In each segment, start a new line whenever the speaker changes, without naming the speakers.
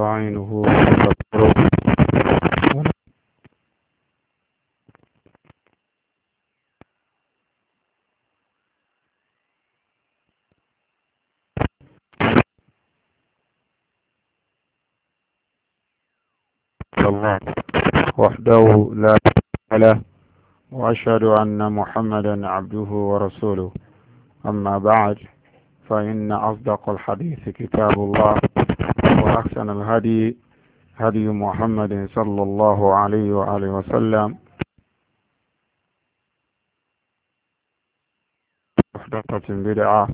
ونستعينه ونستغفره الله وحده لا له وأشهد أن محمدا عبده ورسوله أما بعد فإن أصدق الحديث كتاب الله أحسن الهدي هدي محمد صلى الله عليه وآله وسلم محدثة بدعة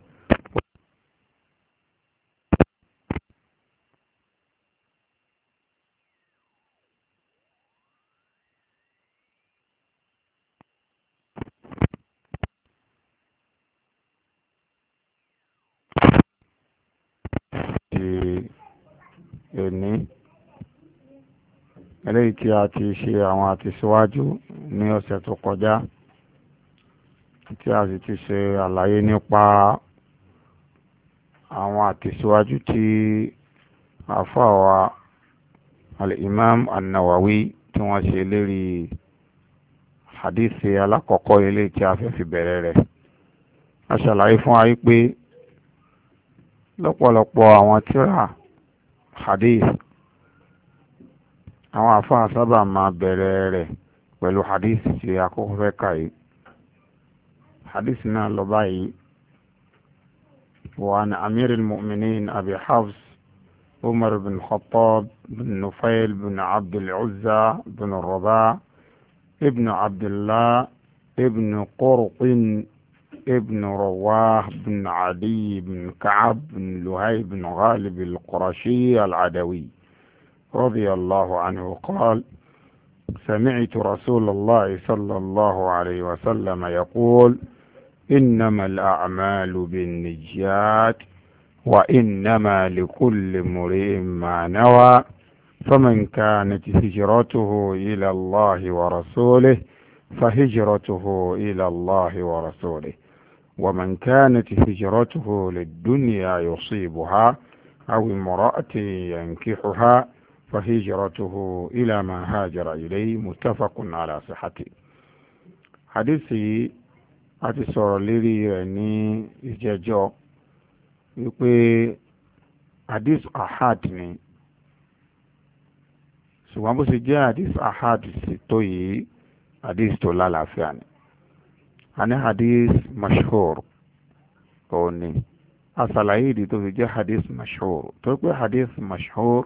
eléyìí tí a ti ṣe àwọn àtisíwájú ní ọ̀sẹ̀ tó kọjá tí a sì ti ṣe àlàyé nípa àwọn àtisíwájú tí àfàwà al-imam an-nawawi tí wọ́n ṣe lérí hadithi alákọ̀ọ́kọ́ eléyìí tí a fẹ́ fi bẹ̀rẹ̀ rẹ̀ a ṣàlàyé fún wa pé lọ́pọ̀lọpọ̀ àwọn tíra hadith àwọn àfáà sábà máa bẹ̀rẹ̀ rẹ̀ pẹ̀lú hadith tí akókò fẹ́ kàí hadith náà lọ báyìí وعن أمير المؤمنين أبي حفص عمر بن خطاب بن نفيل بن عبد العزى بن الرباع ابن عبد الله ابن قرق ابن رواه بن عدي بن كعب بن لهيب بن غالب القرشي العدوي رضي الله عنه قال سمعت رسول الله صلى الله عليه وسلم يقول إنما الأعمال بالنجات وإنما لكل مريء ما نوى فمن كانت هجرته إلى الله ورسوله فهجرته إلى الله ورسوله ومن كانت هجرته للدنيا يصيبها أو امرأة ينكحها فهجرته إلى ما هاجر إليه متفق على صحته حديثي àti sọ̀rọ̀ lérí rẹ̀ ní ìjẹ́jọ́ wípé hadith ahad ni ṣùgbọ́n bó ṣe jẹ́ hadith ahad sì tó yìí hadith tó lálàáfíà ni a ní hadith mashhur òun ni ìdí tó fi jẹ́ hadith mashhur tó pé hadith mashhur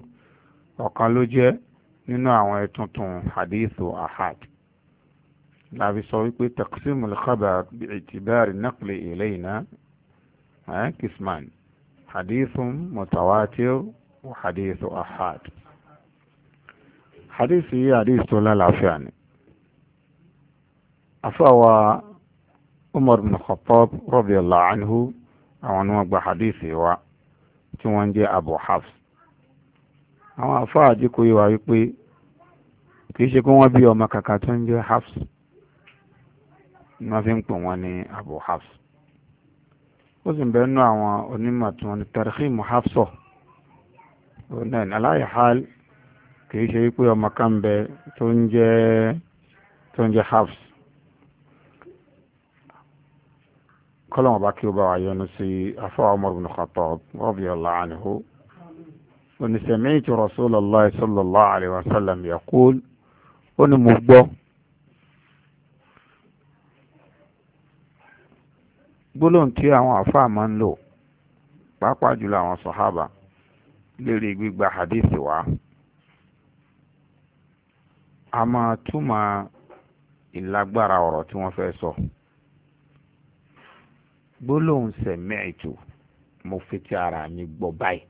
ọ̀kan ló jẹ́ nínú àwọn ẹ̀tuntun hadithu ahad láfi sọ wípé taqsim al-khabar bi'itibari naqli ilayna eh, kisman hadithun mutawatir wa hadithu ahad hadith yìí hadith tó lálàáfíà ni afáwa umar bin khattab radiyallahu anhu àwọn ni wọ́n gba hadith wa tí wọ́n jẹ́ abu hafs àwọn àfáà àdínkù yìí wà wípé kì í ṣe pé wọ́n bí ọmọ kàkà tó ń jẹ́ Hafs ni wọ́n fi ń pè wọ́n ní Abu Hafs ó sì ń bẹ nínú àwọn onímọ̀ tí wọ́n ní tarikhimu Hafsọ òun náà ní ṣe wípé ọmọ kan bẹ tó ń jẹ́ tó ń jẹ́ Hafs kọ́lọ́mọba kí ó bá wa yọ́nú sí afọ́ Umar ibn Khattab radiyallahu anhu òní sami'tu Rasulullahi sallallahu alayhi wa sallam yaqul ó ní mo gbọ́ gbólóhùn tí àwọn àfáà máa ń lò pàápàá jùlọ àwọn sàhábà lérí gbígba hadith wa a máa túmọ̀ ìlágbára ọ̀rọ̀ tí wọ́n fẹ́ sọ gbólóhùn sami'tu mo fi ti ara mi gbọ́ báyìí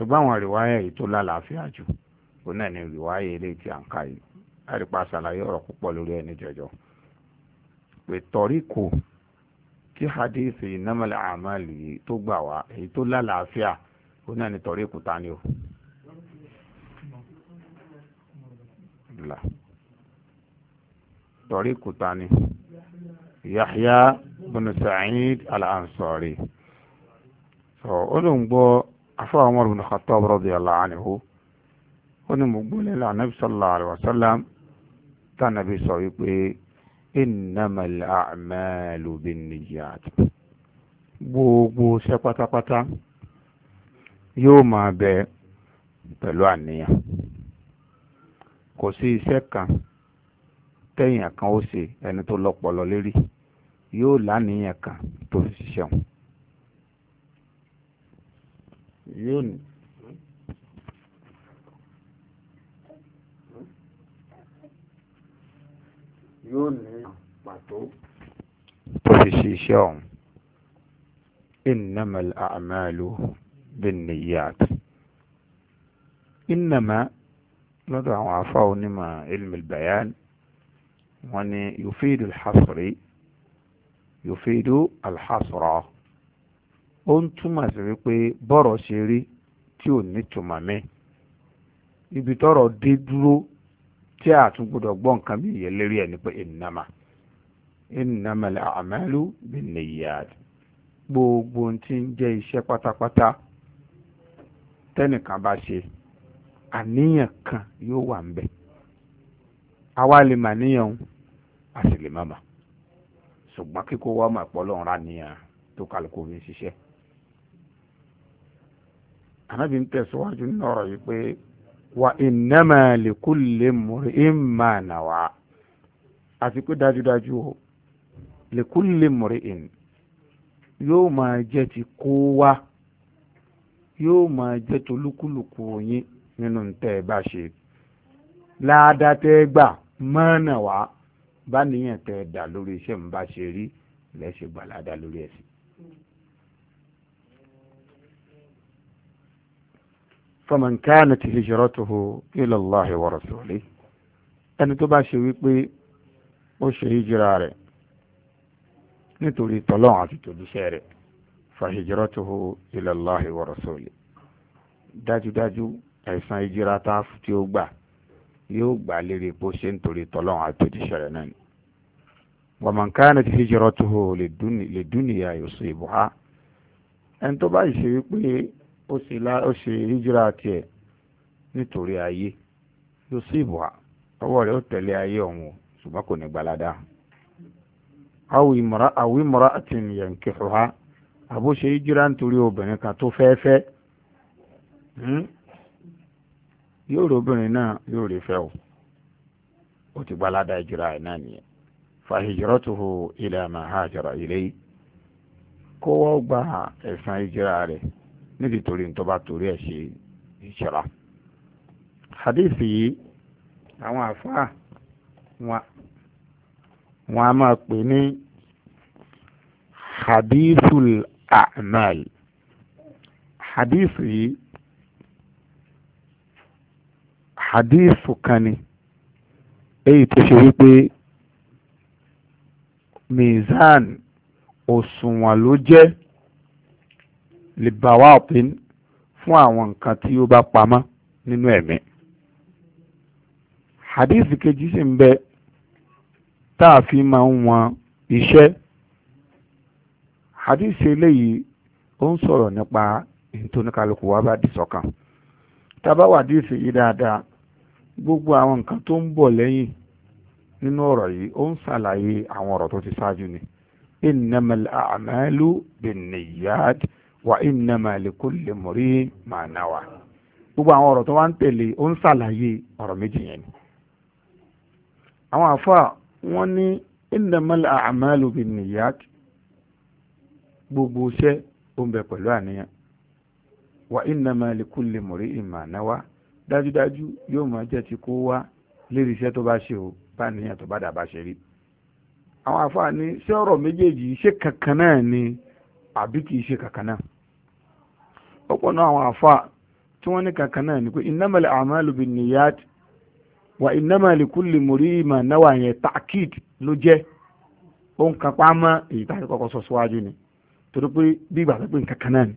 ṣùgbọ́n àwọn rìwáyà yìí tó lálàáfíà jù òun náà ni rìwáyà eléyìí tí à ń ka yìí àrípa ṣàlàyé ọ̀rọ̀ púpọ̀ lórí ẹni jọjọ pé tọ́rí kò tí hadith innamal a'malu yìí tó gbà wá èyí tó lálàáfíà òun náà ni tọ́rí kò ta ni o. tọ́rí ta ni Yahya bin Sa'id al-Ansari. ó lóun gbọ́ afọ́ Umar bin Khattab radiyallahu anhu ó ní mo gbólé la anabi sallallahu alayhi wa sallam tá anabi sọ wípé innamal a'malu binniyat gbogbo ṣe pátápátá yóò máa bẹ pẹ̀lú àníyàn kò sí iṣẹ́ kan tẹ̀yìn kan ó ṣe ẹni tó lọ́pọlọ lérí yóò láníyàn kan tó fi ṣiṣẹ́ wọn. يون يون بروفيسيون إيه؟ انما الاعمال بالنيات انما نضع عفوا نما علم البيان وني يفيد الحصر يفيد الحصر ó ń túmọ̀ sí wípé bọ́rọ̀ ṣe rí tí ò ní tùmọ̀ mí ibi tọ́rọ̀ dé dúró tí a tún gbọ́dọ̀ gbọ́ nǹkan bí ìyẹn lérí ẹ̀ nípa ìnàmà ìnàmà gbogbo ohun tí ń jẹ́ iṣẹ́ pátápátá tẹ́nìkan bá ṣe àníyàn kan yóò wà ń bẹ̀ àwa lè mà níyàn o a sì lè má mà ṣùgbọ́n kíkó wa mà pọ́ lọ́nra níyàn tó kálukú fi anábì ń tẹ̀síwájú nínú ọ̀rọ̀ yìí pé wa ìnáma lè kú lè múrí ìmà nàwá àti pé dájúdájú o lè kú lè múrí ìn yóò máa jẹ́ ti kó wá yóò máa jẹ́ tolúkúlùkù yín nínú tẹ́ ẹ bá ṣe láàdá tẹ́ ẹ gbà wá bá níyàn tẹ́ ẹ dà lórí iṣẹ́ ń bá ṣe rí lẹ́sẹ̀ gbà láàdá lórí ẹ̀sìn. فمن كانت هجرته إلى الله ورسوله ẹni tó bá ṣe wípé ó ṣe hijira rẹ̀ nítorí tọlọ́run àti tòjíṣẹ́ rẹ̀ fàhijiratuhu ila Allahi wa rasuli dájúdájú ẹ̀san hijira tá tí ó gbà yóò gbà lérí bó ṣe ń torí àti tòjíṣẹ́ rẹ̀ náà ni. wa man kanat hijiratuhu liduniya yusibuha ẹni tó bá ṣe wípé ó ṣe la ó ṣe hijira tiẹ̀ nítorí ayé yóò sí ìbùhà ọwọ́ rẹ̀ ó tẹ̀lé ayé ọ̀hún o ṣùgbọ́n kò ní gbalada. àwí mọ́ra àti yẹ̀ǹkì ṣùhá àbóṣe hijira nítorí obìnrin kan tó fẹ́ fẹ́ hmm? yóò rí obìnrin náà yóò rí fẹ́ o ó ti gbalada hijira ẹ̀ náà nìyẹn fàhìjìrọ́tuhu ilẹ̀ àmà hajara ilé kó wọ́n gba ẹ̀sán hijira rẹ̀ níbi torí ní tó bá torí ẹ̀ ṣe ìṣẹ̀ra. hadith yìí àwọn àfáà wọn a máa pè ní hadithul a'mal hadith yìí hadith kan ni èyí tó ṣe wípé mizan òṣùwọ̀n ló jẹ́ lè bá wa ọ̀pin fún àwọn nǹkan tí ó bá pamọ́ nínú ẹ̀mí. hadith kejì sì ń bẹ tá a fi máa ń wọn iṣẹ́ hadith eléyìí ó ń sọ̀rọ̀ nípa ìtóníkàlùkù wa bá dìsọ̀kan tábà wà hadith yìí dáadáa gbogbo àwọn nǹkan tó ń bọ̀ lẹ́yìn nínú ọ̀rọ̀ yìí ó ń ṣàlàyé àwọn ọ̀rọ̀ tó ti ṣáájú ni innamal a'malu wà innama likulli muri ma nawa gbogbo àwọn ọ̀rọ̀ tó wá ń tẹ̀lé ó ń ṣàlàyé ọ̀rọ̀ méjì yẹn ni àwọn àfa wọn ní innamal a'malu binniyat gbogbo iṣẹ́ ó ń bẹ pẹ̀lú àníyàn wà innama likulli muri ma nawa dájúdájú yóò máa jẹ́ ti kó wá lérí iṣẹ́ tó bá ṣe o bá níyàn tó bá dà ṣe rí àwọn àfa ní ṣé ọ̀rọ̀ méjèèjì ṣé kankan náà ni àbí kìí ṣe kàkà náà ọ̀pọ̀ náà àwọn àfa tí wọ́n ní kàkà náà ni pé innamal a'malu binniyat wa innama likulli mur'i ma nawa yẹn ta'kid ló jẹ́ ó ń kan pamọ́ èyí tá a ti kọ́kọ́ sọ síwájú ni torí pé bí ìgbà pípé nǹkan ni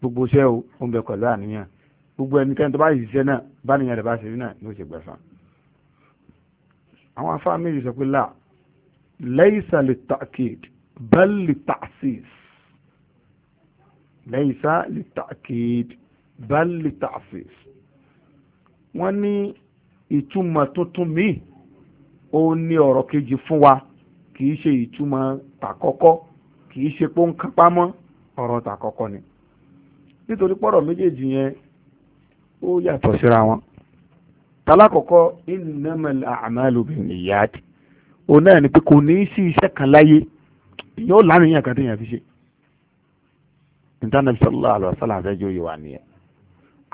gbogbo iṣẹ́ o ó ń bẹ pẹ̀lú àníyàn gbogbo ẹnikẹ́ni tó bá yìí ṣiṣẹ́ náà bá nìyẹn rẹ̀ bá ṣe rí náà ni ó ṣe gbẹ̀san. àwọn afáàmì yìí sọ pé là laysa li ta'kid bal li ليس litakid بل litafis wọ́n ní ìtumọ̀ tuntun míì ó ní ọ̀rọ̀ kejì fún wa kì í ṣe ìtumọ̀ tàkọ́kọ́ kì í ṣe pé ó ń kápá mọ́ ọ̀rọ̀ tàkọ́kọ́ ni nítorí pọ́rọ̀ méjèèjì yẹn ó yàtọ̀ síra wọn tàlákọ̀kọ́ innamal a'malu binniyat òun náà ni pé kò ní í sí iṣẹ́ kan láyé ìyẹn ó lánìyàn kan téèyàn fi ṣe nítorí sallallahu alaihi wasallam àfẹ́jọ́ yìí wà nìyẹn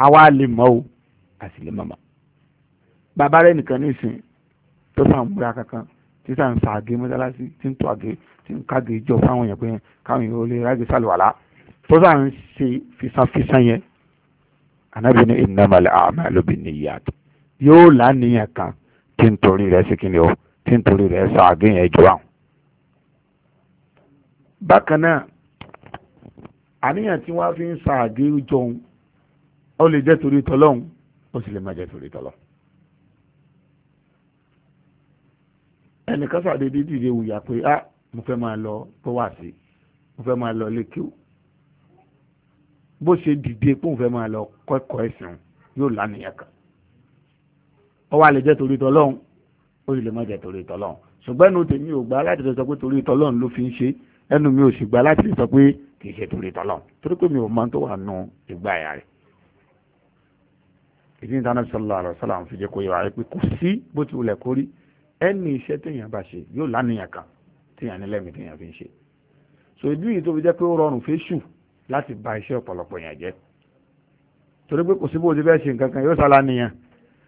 àwa lè mọ́ o a sì lè mọ́ mọ́ bàbá rẹ̀ nìkan nísìn tó sàn múra kankan tí sàn sàgé mọ́sálásí tí ń tó àgé tí ń kágé jọ fáwọn yẹn pé káwọn yẹn ó lè rágé sàlùwàlá tó sàn ṣe fisanfisan yẹn anábìíní innamal a'malu binniyat yóò lánìyàn kan tí ń torí rẹ̀ sí o tí ń torí rẹ̀ sàgé yẹn jọ àwọn. bákan àníyàn tí wọ́n fi ń ṣàgé jọun ó lè jẹ́ torí tọlọ́hun ó sì lè má jẹ́ torí tọlọ́hun. ẹnìkan ṣàdédé dìde wùyà pé ah mo fẹ́ máa lọ tó wà sí mo fẹ́ máa lọ lékèw bó ṣe dìde pé mo fẹ́ máa lọ kọ́kọ́ ẹ̀sìn yóò lánìyàn kan ó wá lè jẹ́ torí tọlọ́hun ó sì lè má jẹ́ torí tọlọ́hun ṣùgbọ́n ẹnu tèmi ò gbà láti sọ pé torí tọlọ́hun ló fi ń ṣe ẹnu mi ò sì gbà láti sọ pé kì í ṣe torí tọ́lọ̀ torí pé mi ò máa tó wà nù ìgbà ẹ̀yà rẹ̀ ìdí nítorí náà sallallahu alaihi wasallam fi jẹ́ kó yẹ wá rẹ̀ pé kò sí bó ti wulẹ̀ kórí ẹni iṣẹ́ téèyàn bá ṣe yóò lánìyàn kan téèyàn ní lẹ́mìí téèyàn fi ń ṣe so ìdí yìí tó fi jẹ́ pé ó rọrùn fésù láti ba iṣẹ́ ọ̀pọ̀lọpọ̀ yẹn jẹ́ torí pé kò sí bó ti fẹ́ ṣe nǹkan kan yóò sá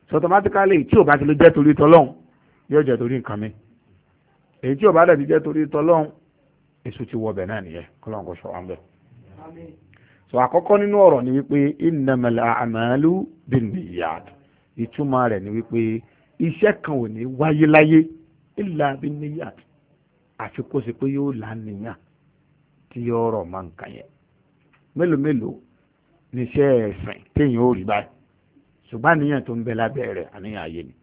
so automatically tí ò bá ti lè jẹ́ torí tọ́lọ́hún yóò jẹ́ torí nǹkan mi èyí tí ò bá dẹ̀ ti jẹ́ torí tọ́lọ́hún èso ti wọ ọbẹ̀ náà nìyẹn kọ́lọ́n kò ṣọ̀wá ń bẹ̀. so àkọ́kọ́ nínú ọ̀rọ̀ ni wípé innamal a'malu binniyat ìtumọ̀ rẹ̀ ni wípé iṣẹ́ kan ò ní wáyé láyé illa binniyat àfi kó ṣe pé yóò là níyàn tí yóò máa ń kàn yẹn mélòó mélòó níṣẹ́ ẹ̀sìn téèyàn ò rí báyìí ṣùgbọ́n àníyàn tó ń bẹ lábẹ́ rẹ̀ àníyàn ayé ni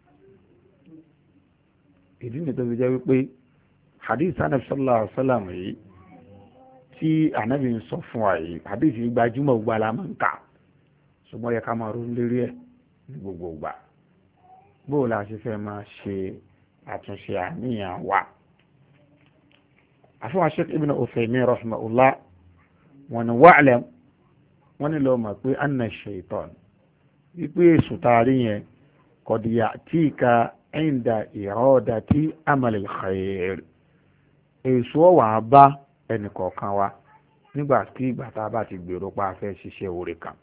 ìdí nìkan fi jẹ́ wípé hadith anabi sallallahu alaihi wasallam yìí tí anabi ń sọ fún wa yìí hadith yìí gbajúmọ̀ gbogbo ala máa ń kà ṣùgbọ́n yẹ ká máa ronú lérí ẹ̀ ní gbogbo gbà bóò la ṣe fẹ́ máa ṣe àtúnṣe àníyàn wa àfihàn sheikh ibn Uthaymin rahimahullah wọn ni wa'lam wọn ni lọ́ọ́ mọ̀ pé anna shaitan wípé èso taari yẹn kọ̀dìyà tí ka inda ìrọ́dà tí amalil khair èso ọ̀wà bá ẹnìkọ̀ọ̀kan wa nígbà tí ìgbà tá a bá ti gbèrò pa a fẹ́ ṣiṣẹ́ oore kan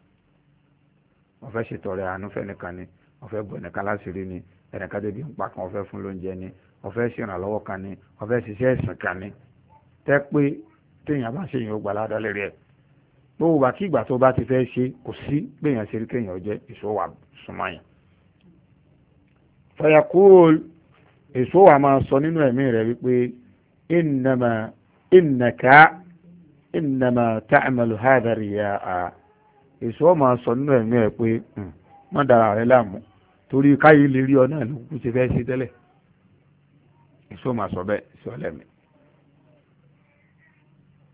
wọ́n fẹ́ ṣètọrẹ àánú fẹ́nìkan ni wọ́n fẹ́ bọ̀ ẹnìkan láṣìírí ni ẹnìkan débi ń pa kan wọ́n fẹ́ fún lóúnjẹ ni wọ́n fẹ́ ṣèrànlọ́wọ́ kan ni wọ́n fẹ́ ṣiṣẹ́ ẹ̀sìn kan ni tẹ́ pé téèyàn bá ṣèyàn ó gbà ládàá lérí ẹ̀ gbogbo wa kí ìgbà tó bá ti fẹ́ ṣe kò sí gbèyàn ṣe rí kéèyàn jẹ́ ìṣòwà súnmọ́ yẹn. fàyàkúrò èso wa máa sọ nínú ẹ̀mí rẹ̀ wípé إنما إنك إنما تعمل هذا رياء èso ọmọ asọ nínú ẹ̀mí ẹ̀ pé hmm, má dara rẹ láàmú torí káyé lè rí ọ náà ló kú ṣe fẹ́ ṣe tẹ́lẹ̀ èso ọmọ asọ bẹ́ẹ̀ sí ọ lẹ́mí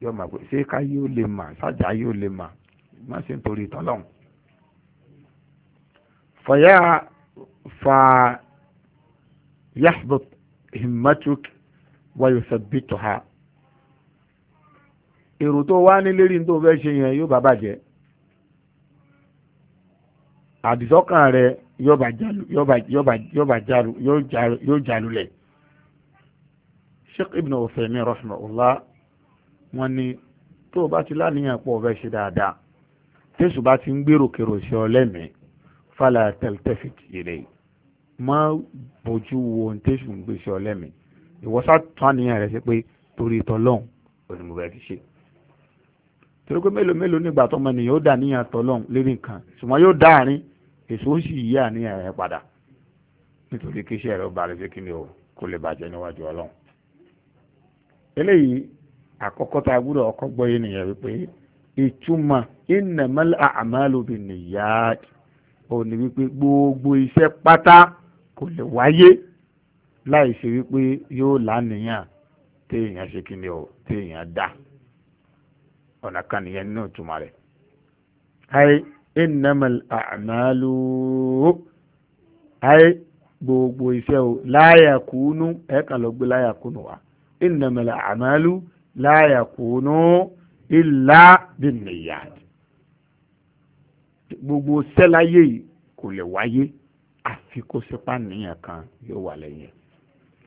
yọ mà pé ṣé káyé ó lè mà sájà yóò lè mà má ṣe ń torí tọ́lọ́hún. fàyà fà yàtọ̀ himmatuk wáyò sẹ́bìtò ha èrò tó wá ní lérí tó fẹ́ ṣe yẹn yóò bá bàjẹ́ àdìsọ́kàn rẹ yóò já lulẹ̀ Sheikh Ibn Uthaymeen rahimahullah wọ́n ní tó o bá ti láníyàn pọ̀ fẹ́ ṣe dáadáa tẹ̀sù bá ti ń gbèrò kèrò sí ọ lẹ́mìí fàlà tẹ̀lẹ́tẹ̀fìtì yìí lẹ́yìn má bójú wo tẹ̀sù ń gbèsè ọ lẹ́mìí ìwọ sàtúnàníyàn rẹ sí pé torí tọlọ́hún òní mo bẹ̀rẹ̀ ṣe torí pé mélòó mélòó nígbà tọmọ ènìyàn ó dà níyàn tọlọ́hún lérí nǹkan ṣùgbọ́n yóò dá àárín èso ó sì yí àníyàn rẹ padà nítorí kí iṣẹ́ rẹ ó balẹ̀ sí kíni o kó lè bàjẹ́ níwájú ọlọ́run eléyìí àkọ́kọ́ tá a gbúdọ̀ ọkọ́ gbọ́ yé nìyẹn wípé ìtumọ̀ innamal a'malu binniyat òní wípé gbogbo iṣẹ́ pátá kò lè wáyé láì ṣe wípé yóò lánìyàn téèyàn ṣe kíni o téèyàn dá ọ̀nà kan nìyẹn nínú ìtumọ̀ rẹ̀. ayé innamal a'malu ayé gbogbo iṣẹ́ o láyàkúnú ẹ̀ka lọ gbé láyàkúnú wa innamal a'malu láyàkúnú illa binniyat gbogbo sẹ́láyé kò lè wáyé àfi kó sípà níyàn kan yóò wà lẹ́yìn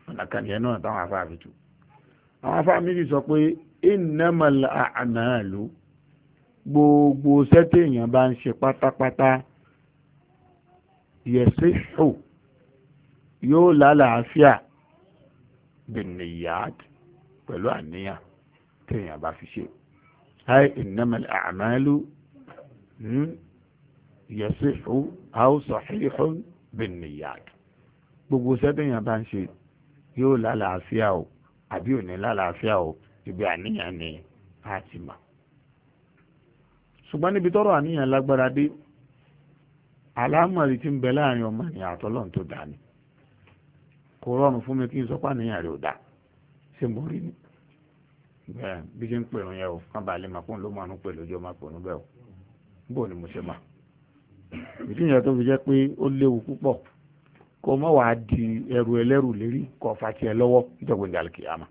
ọ̀làkàlẹ̀ náà táwọn afá fi tù àwọn afá méjì sọ pé innamal a'malu gbogbo sẹ́tẹ̀ èèyàn bá ń ṣe pátápátá yẹ̀síhù yóò lálàáfíà bìnnìyàd pẹ̀lú àníyàn téèyàn bá fi ṣe hai innamal a'malu hmm, yẹ̀síhù aw sahihun bìnnìyàd gbogbo sẹ́tẹ̀ èèyàn bá ń ṣe yóò lálàáfíà o àbí ò ní lálàáfíà o ibi àníyàn ni a ti mà ṣùgbọ́n níbi tọ́rọ̀ àníyàn lágbára dé àlámọ̀rí tí ń bẹ láàrin ọmọ ènìyàn àtọ́lọ́run tó dá ni kò rọrùn fún mi kí n sọ pé àníyàn rẹ̀ ò dá ṣé mo rí ni bẹ́ẹ̀ bí ṣe ń pèrún yẹn o kán bá lè máa kún ló máa ń pè lójú ọmọ pèrún bẹ́ẹ̀ o bó ni mo ṣe mà ìdí yẹn tó fi jẹ́ pé ó léwu púpọ̀ kó mọ́ wàá di ẹrù ẹlẹ́rù lérí kó fa tiẹ̀ lọ́wọ́ nítorí ìjà lè kìyàmà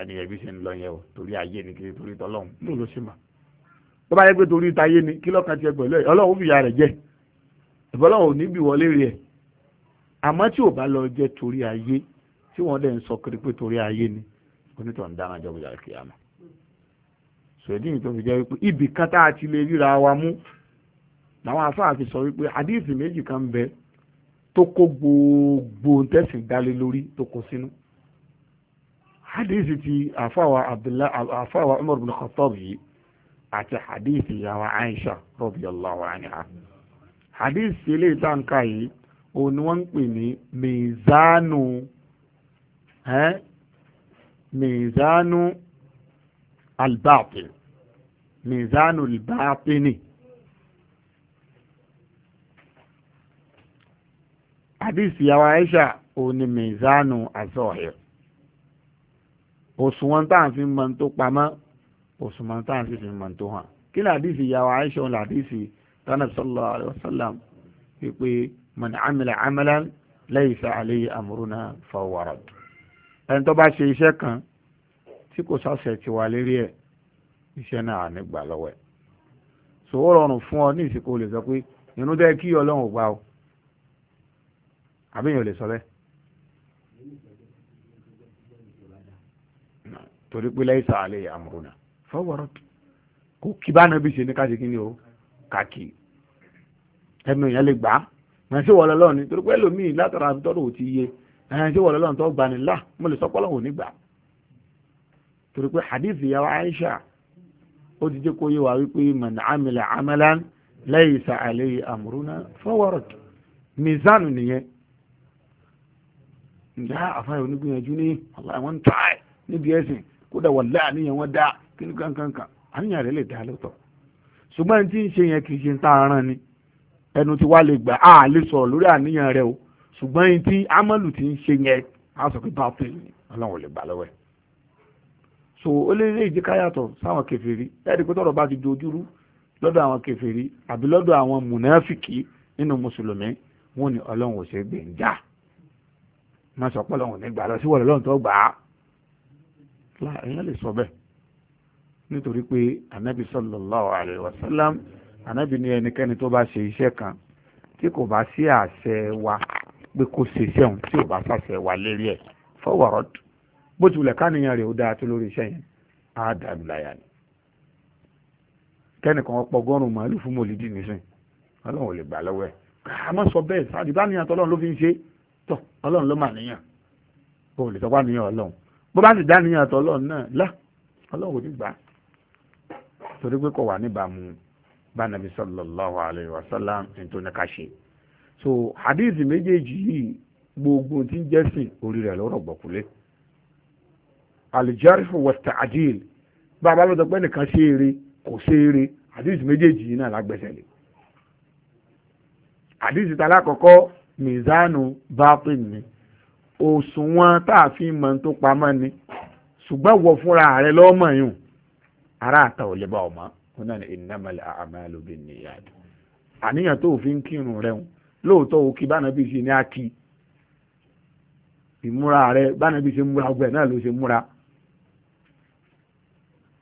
ẹni ẹbí ṣe ń lọ yẹn o torí ayé ni kiri torí tọlọ́hún ní ló ṣe mà tó bá yẹ pé torí tayé ni kí lọ́kàn tiẹ̀ pẹ̀lú ẹ̀ ọlọ́run fìyà rẹ̀ jẹ́ ìbọ́lọ́run ò ní bì wọlé rí ẹ̀ àmọ́ tí ò bá lọ jẹ́ torí ayé tí wọ́n dẹ̀ ń sọ kiri pé torí ayé ni onítọ̀ ń dáná jọ ìjà lè kìyàmà sòdí ní tó fi jẹ́ wípé ibì kan tá a ti lè ríra wa mú làwọn afáàfin sọ wípé àdéhìsì tó kó gbogbo tẹ̀sìn dálé lórí tó kó sínú hadith ti àfàwà abdullahi àfàwà umar bin khattab yìí àti hadith ìyàwó aisha radiyallahu anha hadith ilé ìtànká yìí òun ni wọ́n ń pè ní mizanu mizanu albaatil mizanu albaatini. hadith yàwá aisha òun ni mizanu azọ́hìr òṣùwọ̀n tá à ń fi mọ tó pamọ́ òṣùwọ̀n tá à ń sì fi mọ tó hàn kí ni hadith yàwá aisha òun hadith tánà sallallahu alayhi wa sallam wípé man amila amalan laysa alayhi amruna fahuwa ẹni tó bá ṣe iṣẹ́ kan tí kò sáṣẹ ti wà lérí ẹ̀ iṣẹ́ náà nígbà lọ́wọ́ ẹ̀ sòwò rọrùn fún ọ ní ìsìnkú olè sọ pé ìrún dẹ́ kí ọlọ́run gbà ó àbíyàn lè sọ bẹ́ẹ̀ torí pé lẹ́yìn sàálẹ̀ àmúrúnà fọwọ́rọ́ kó kí bá nàbí ṣe ní ká ṣe kí ni o kàkì ẹnu yẹn lè gbà á màá ṣe wọlé lọ́ọ̀ni torí pé ẹlòmíì látara tọ́rọ̀ ò ti yé ẹ̀hìn ṣe wọlé lọ́ọ̀ni tó gbani là mo lè sọ pọ́lọ́ òní torí pé hadith ìyá wa Aisha ó ti jẹ́ kó yé wa wípé man amila amalan lẹ́yìn sàálẹ̀ àmúrúnà fọwọ́rọ́ mizanu nìyẹn ǹjẹ́ àfáà onígbìyànjú ní aláì wọ́n ń tọ́ ẹ̀ níbi ẹ̀sìn kódà wọ́n lé àníyàn wọn dá kíní kankankan àníyàn rẹ̀ lè dá lóòótọ́ ṣùgbọ́n tí ń ṣe yẹn kì í ṣe ń ta aran ni ẹnu tí wàá lè gbà á lè sọ̀rọ̀ lórí àníyàn rẹ̀ o ṣùgbọ́n yìí tí amọ̀lù ti ń ṣe yẹn á sọ pé báàpù ni ọlọ́run ò lè gbà lọ́wọ́ ẹ̀ so ó lé ilé ìdíkà yàtọ̀ sáwọn kèfèrí ẹ̀ẹ́dì pé tọ́rọ̀ bá ti dojúrú lọ́dọ̀ àwọn kèfèrí àbí lọ́dọ̀ àwọn mùnáfìkì nínú mùsùlùmí wọn ni ọlọ́run ò ṣe gbèǹjà má sọ pé ọlọ́run ní gbà lọ sí wọ̀lọ́ ọlọ́run tó gbà á èèyàn lè sọ bẹ́ẹ̀ nítorí pé anabi sallallahu alayhi wa sallam anabi ní ẹnikẹ́ni tó bá ṣe iṣẹ́ kan tí kò bá sí àṣẹ wa pé kò ṣe iṣẹ́ òun tí ò bá ṣàṣẹ wa lérí ẹ̀ fọwọ́rọ́d bó tilẹ̀ káníyàn rẹ̀ ó dáa tó lórí iṣẹ́ yẹn á dàbí láyà ni kẹ́nìkan ọ̀pọ̀ ọgọ́rùn-ún màálù fún mòlídìí nísìn ọlọ́run ò lè gbà lọ́wọ́ ẹ̀ ká má sọ bẹ́ẹ̀ sáà tọ̀ ọlọ́run ló mà níyàn òun lè sọpá níyàn ọlọ́run bó bá sì dá níyàn àtọ̀ ọlọ́run náà lá ọlọ́run kò ní gbà á torí pé kò wà níbàámu bá nàbí sallallahu alayhi wa sallam nítorí ní ká ṣe so hadith méjèèjì yìí gbogbo tí ń jẹ́sìn orí rẹ̀ lọ́rọ̀ gbọ̀kúlé alìjárífù wọ́tà àdìl bá a bá lọ́dọ̀ pé nìkan ṣe eré kò ṣe eré hadith méjèèjì yìí náà lágbẹ́sẹ̀ lé hadith tàlákọ̀kọ́ mizanu batin ni òṣùwọ̀n tá a fi mọ̀ tó pamọ́ ni ṣùgbọ́n wọ fúnra rẹ lọ́mọ yùn ara àtà ò lè bá ọmọ wọn náà ní innamal a'malu binniyat àníyàn tó fi kírun rẹ ń lóòótọ́ òkè bánabi ṣe ní akí ìmúra rẹ bánabi ṣe múra ọgbẹ náà ló ṣe múra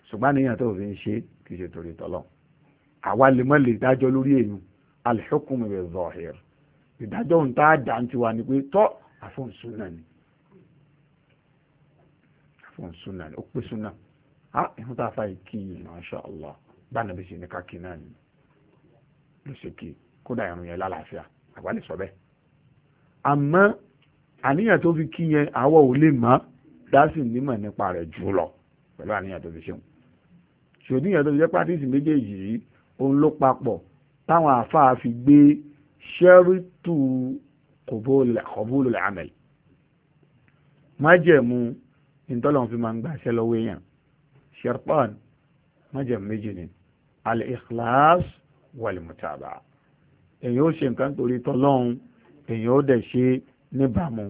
ṣùgbọ́n àníyàn tó fi ṣe kì í ṣe torí tọ́lọ́ àwa lè mọ́ lè dájọ́ lórí èèyàn al-hukmu bi ìdájọ́ òun tá a dà ń tiwa ni pé tọ́ àfọ̀n súnà ni àfọ̀n súnà ni ó pé súnà á ìhun tá a fa ìkí yìí masha Allah báyìí nàbí ṣe ní káàkiri náà ni ló ṣe kí kódà ìrùn yẹn lálàáfíà àgbà lè sọ bẹ́ẹ̀ àmọ́ àníyàn tó fi kí yẹn àwọ̀ ò lè mọ́ dásì nímọ̀ nípa rẹ̀ jù lọ pẹ̀lú àníyàn tó fi ṣeun ṣòdíyàn tó fi jẹ́ pátìsì méjèèjì yìí òun ló papọ̀ táwọn àáfàá fi gbé ṣẹ́rìtù kòbólù làmẹ́lì májẹ̀mú ìtọ́lọ́n fi máa ń gbàṣẹ́ lọ́wọ́ èèyàn ṣerpan májẹ̀mú méjì ni al-ikhlas wal-mutaba èyàn ó ṣe nǹkan torí tọ́lọ́hún èyàn ó dẹ̀ ṣe níbàámu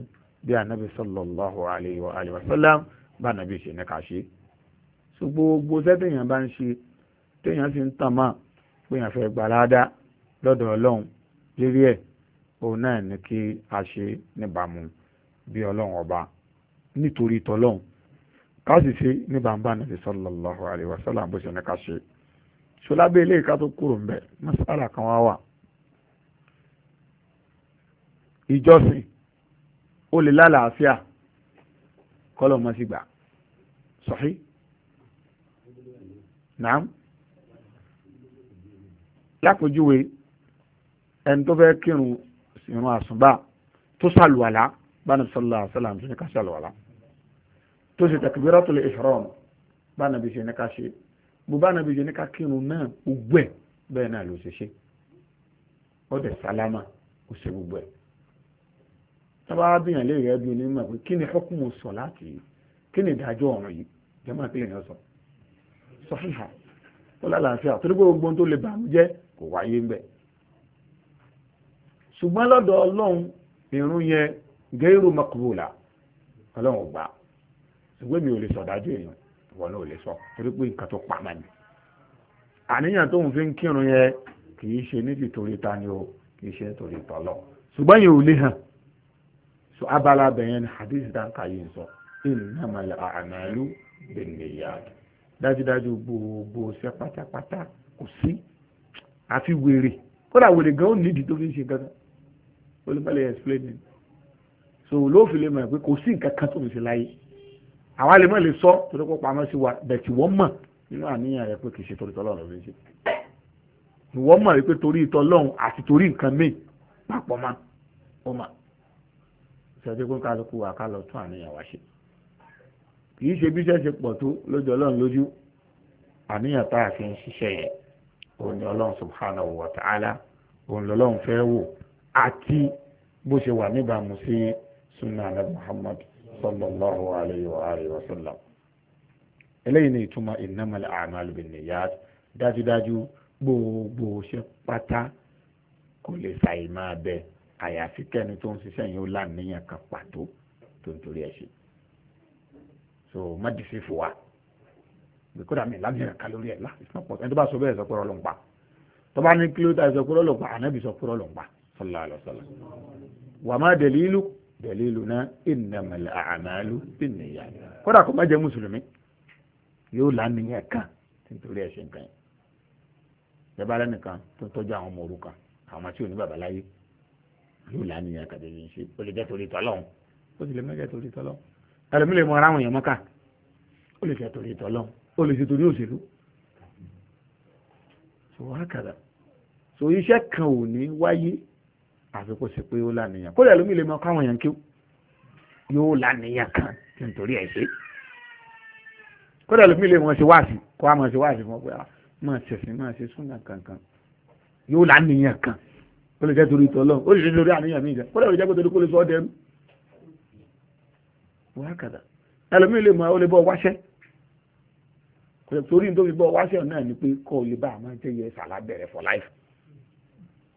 bí anabi sallallahu alayhi wa alihi wa sallam bá anabi ṣe ní ká ṣe gbogbo sẹ́tẹ̀yàn bá ń ṣe téèyàn sì ń tàn máa pé èèyàn fẹ́ gbàládá lọ́dọ̀ ọlọ́run lérí ẹ̀ òun náà ní kí a ṣe níbàámu bí ọlọ́run ọba nítorí tọlọ́run ká ṣe níbàámu nàbí sallallahu alaihi wasallam bó ṣe ní ká ṣe ṣọlábẹ́ ilé ìka tó kúrò ńbẹ masala kan wá wà ìjọsìn ó lè lálàáfíà kọ́lọ̀ mọ́ sí gbà sọ́hí nàám lápòjúwe ẹni tó fẹ́ kírun ìrun àsùnbà tó sàlùwàlá bánàbí sallallahu alaihi wasallam tó ní ká sàlùwàlá tó ṣe takbiratul ihram bánàbí ṣe ní ká ṣe bó bánàbí ṣe ní ká kírun náà gbogbo ẹ̀ bẹ́ẹ̀ náà ló ṣe ṣe ó dẹ̀ sálámà ó ṣe gbogbo ẹ̀ tábà bíyàn lè rẹ̀ bí onímọ̀ pé kí ni hukumu salati yìí kí ni ìdájọ́ ọ̀ràn yìí jẹ́mọ́ àpilẹ̀ yẹn sọ sọ́fíà ó lálàáfíà torí gbogbo ohun tó le bàmú jẹ́ kò wáyé ń bẹ́ẹ̀ ṣùgbọ́n lọ́dọ̀ ọlọ́run ìrun yẹn gẹ́rù mọ́kúrúlà ọlọ́run ò gbà ṣùgbọ́n mi ò lè sọ̀dájú èèyàn wọn ò lè sọ torí pé nǹkan tó pamọ́ ni àníyàn tóun fi ń kírun yẹn kì í ṣe níbi torí ta ni o kì í ṣe torí tọ́lọ̀ ṣùgbọ́n yẹn ò lè hàn so abala bẹ̀yẹn ni hadith dáńkà yìí ń sọ innamal a'malu binniyat dájúdájú gbogbo ṣe pátápátá kò sí àfi wèrè kódà wèrè gan ó nídìí tó fi ń ṣe gangan olùfẹ́lẹ̀ explaining so olóòfin lè mọ̀ pé kò sí nǹkan kan tó fi ṣe láyé àwa lè mọ̀ lè sọ torí kó pamọ́ sí wa bẹ̀tì wọ́n mọ̀ nínú àníyàn rẹ̀ pé kì í ṣe torí tọ́lọ́run ló fi ṣe ìwọ́n mọ̀ wípé torí tọ́lọ́run àti torí nǹkan míì papọ̀ mọ́ ó mọ̀ sọ́jọ́ pé kálukú wa ká lọ tún àníyàn wa ṣe kì í ṣe bí iṣẹ́ pọ̀ tó lójú ọlọ́run lójú àníyàn tá fi ń ṣiṣẹ́ yẹn òun ni ọlọ́run subhanahu wa ta'ala òun lọ́lọ́run fẹ́ wò àti bó ṣe wà níbàámu sí sunnah nabi muhammad sallallahu alayhi wa alayhi wa sallam eléyìí ni ìtumọ̀ innamal a'malu binniyat dájúdájú gbogbo ṣe pátá kò lè ṣàì máa bẹ àyàfi kẹ́ni tó ń ṣiṣẹ́ yìí ó láníyàn kan pàtó tó ń torí ẹ̀ ṣe so má di fún wa kódà mi láníyàn kan lórí ẹ̀ lá ìsìnkú ẹni tó bá sọ bẹ́ẹ̀ sọ pé ọlọ́run tó bá ní kílódé sọ pé ọlọ́run ànábì sọ pé ọlọ́run sallallahu alaihi wasallam wa ma dalilu daliluna innamal a'malu binniyat kódà kó má jẹ́ mùsùlùmí yóò lánìyàn kan nítorí ẹ̀ṣẹ̀ nǹkan yẹn bẹ́ẹ̀ bá lẹ́nìkan tó ń tọ́jú àwọn ọmọ òrukàn àwọn tí ò ní bàbá láyé yóò lánìyàn kan tó ń ṣe ó lè jẹ́ torí tọ́lọ́hún ó sì lè má jẹ́ torí tọ́lọ́hún ẹlòmí lè mọ ara àwọn èèyàn mọ́ká ó lè jẹ́ torí tọ́lọ́hún ó lè ṣe torí òṣèlú so wákàtà so iṣẹ́ kan ò ní wáyé àfi kó ṣe pé ó lànìyàn kó lẹ́lómi lè mọ káwọn èèyàn kí yóò lànìyàn kan nítorí ẹ̀ ṣe kó lẹ́lómi lè mọ ṣe wáàsì kó a mọ ṣe wáàsì fún ọ pé ah, máa ṣẹ̀sìn máa ṣe súnà kankan yóò lànìyàn kan ó lè jẹ́ torí tọ́lọ́ ó lè jẹ́ torí àníyàn mi jẹ́ kó lẹ́lómi jẹ́ pé torí kó lè sọ ọ́ dẹnu wákàtà ẹlòmí lè mọ ó lè bọ́ wáṣẹ́ torí nítorí bọ́ wáṣẹ́ náà ni pé kó o lè bá àmọ́ for life.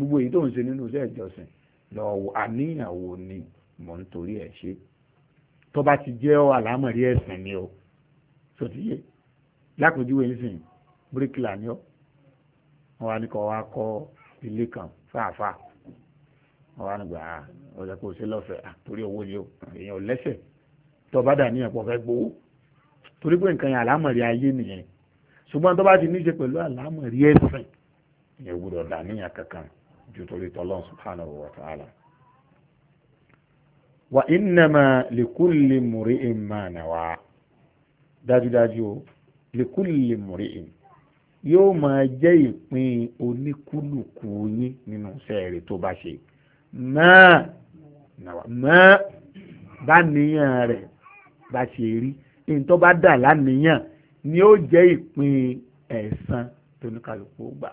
gbogbo èyí tó ń ṣe nínú iṣẹ́ ìjọsìn lọ́wọ́ àníyàn ni mò ń torí ẹ̀ ṣe tó bá ti jẹ́ àlámọ̀rí ẹ̀sìn ni o sòtíyè lápèjúwe nísìnyí bíríkìlà ni ó wọn wá ní kó wá kọ́ ilé kan fáàfáà wọn wá nígbà ọjà ah, kò ṣe lọ́fẹ̀ẹ́ ah, torí owó ni o èèyàn ò lẹ́sẹ̀ tó bá dà ní ẹ̀pọ̀ fẹ́ gbowó torí pé nǹkan yẹn àlámọ̀rí ayé nìyẹn ṣùgbọ́n tó bá ti ní ṣe pẹ̀lú àlámọ̀rí ẹ̀sìn ìyẹn gbọ́dọ̀ dà níyàn kankan ju torí tọ́lọ́n subhanahu wa ta'ala wa innama likulli muri'in ma nawa dájúdájú likulli muri'in yóò máa jẹ́ ìpín oníkúlùkù yín nínú iṣẹ́ rẹ̀ tó bá ṣe máa nàwà máa bá níyàn rẹ̀ bá ṣe rí ní bá dà láníyàn ni ó jẹ́ ìpín ẹ̀san tó gbà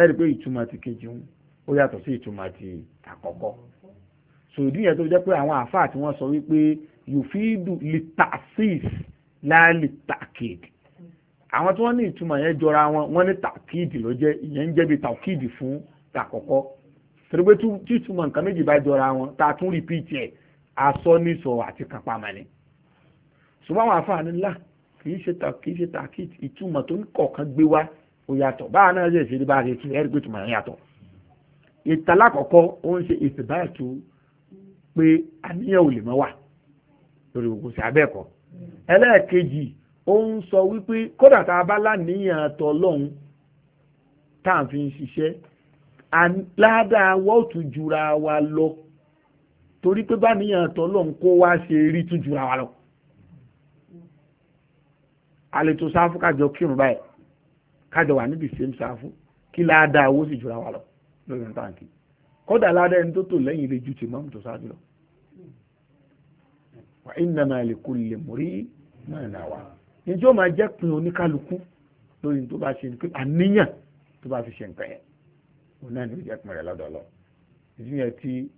ẹ̀rí pé ìtumọ̀ ti kejì ń ó yàtọ̀ sí ìtumọ̀ ti àkọ́kọ́ sòdí yẹn tó jẹ́ pé àwọn àáfàá tí wọ́n sọ wípé yòfíìdù litasis láàlì tàkìdì àwọn tí wọ́n ní ìtumọ̀ yẹn jọra wọn wọ́n ní tàkìdì ló jẹ́ ìyẹn ń tàkìdì fún tàkọ́kọ́ torí tí ìtumọ̀ nǹkan méjì bá jọra wọn tá a tún rìpíìtì ẹ̀ asọ́ àti ṣùgbọ́n àwọn ni kì í ṣe ìtumọ̀ tó kọ̀ọ̀kan gbé ó yàtọ̀ báwa náà ṣe ìṣèlú bá ṣe tún ẹ̀rí pé tùmọ̀ yàtọ̀ ìtàlákọ̀ọ́kọ́ ó ń ṣe ìtìbáàtú pé àníyàn ò lè mọ́ wà lórí gbogbo sí abẹ́ẹ̀kọ́ ẹlẹ́ẹ̀kejì ó ń sọ wípé kódà tá a bá láníyàn tọ́ lọ́hùn tá à ń fi ṣiṣẹ́ ládàá wọ́n tún jura wa lọ torí pé bá níyàn tọ́ lọ́hùn kó wá ṣe rí tún jura wa lọ. àlètò sáfù kájọ kírun báyìí kájọ wà níbi same ṣáfù kí láàdáa owó sì jura wa lọ lórí ní táǹkì kódà láàdáa ẹni tó tò lẹ́yìn lè ju ti mọ́mù tó ṣáájú lọ. wà innama likulli mur'i ma nawa níjọ́ máa jẹ́ pin oníkálukú lórí tó bá ṣe pé àníyàn tó bá fi ṣe nǹkan yẹn òun náà ni ó jẹ́ pin rẹ̀ lọ́dọ̀ lọ. ìdíyẹn tí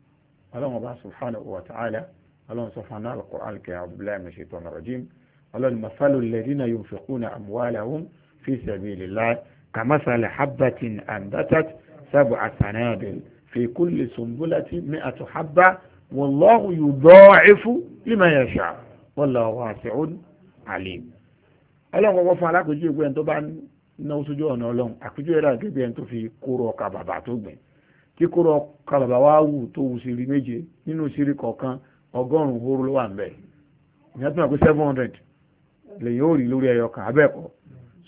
ọlọ́run bá sọ fún anáàlú Qur'an kẹ́ A'udhu billahi minash shaitanir rajim ọlọ́run masalul في سبيل الله كمثل حبة أنبتت سبع سنابل في كل سنبلة مئة حبة والله يضاعف لمن يشاء والله واسع عليم ọlọ́run ọwọ́ fún alákòójú ìwé ẹni tó bá náwó sójú ọ̀nà ọlọ́run àkójú ẹ̀rọ àgbẹ̀bẹ̀ ẹni tó fi kóró ọkà bàbà tó gbìn tí kóró ọkà bàbà wá wù tó wù sírí méje nínú sírí kọ̀ọ̀kan ọgọ́rùn-ún hóró ló wà ń bẹ̀ ìyá tó máa pé seven hundred lèyìn ó rí lórí ẹyọ kan abẹ́ẹ̀kọ́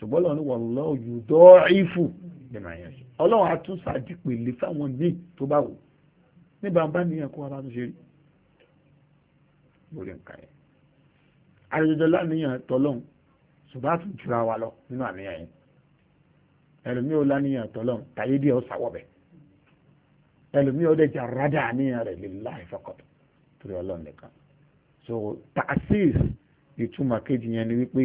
ṣùgbọ́n lọ́nà wallahu yudaifu ìmọ̀ ẹ̀yàn ṣe ọlọ́run àtúnṣà dípele fáwọn míì tó bá wù níbà bá ní ẹ̀kọ́ ara tó ṣe rí lórí nǹkan yẹn àrẹ̀jọjọ láníyàn tọ́lọ́run ṣùgbọ́n àtún jura wa lọ nínú àníyàn yẹn ẹlòmí ò láníyàn tọ́lọ́run tàyé díẹ̀ ó sàwọ́bẹ̀ ẹlòmí ò dẹjà rádà àníyàn rẹ̀ lillahi faqat torí ọlọ́run nìkan so ta'sis ìtumọ̀ kejì yẹn ni wípé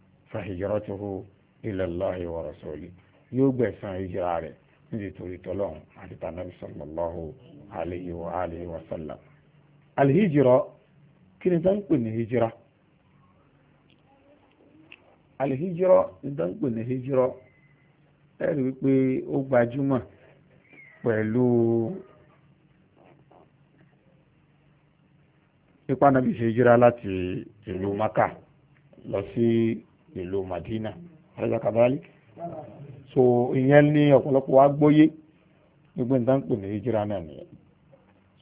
fàhìjọ́rọ́tòhó ila Allahi wa rasuli yóò gbẹ̀sán ìjìrà rẹ̀ nítorí tọ́lọ́hún àti tànàbí sallallahu alayhi wa alihi wa sallam. alhijira kí ni ń pè ní hijira alhijira ni tá ń pè ní hijira ẹ maka lọ Si ìlú Madina ẹ̀rọ kàbálí so ìyẹn ní ọ̀pọ̀lọpọ̀ wa gbóyé gbogbo nǹkan pè ní hijira náà nìyẹn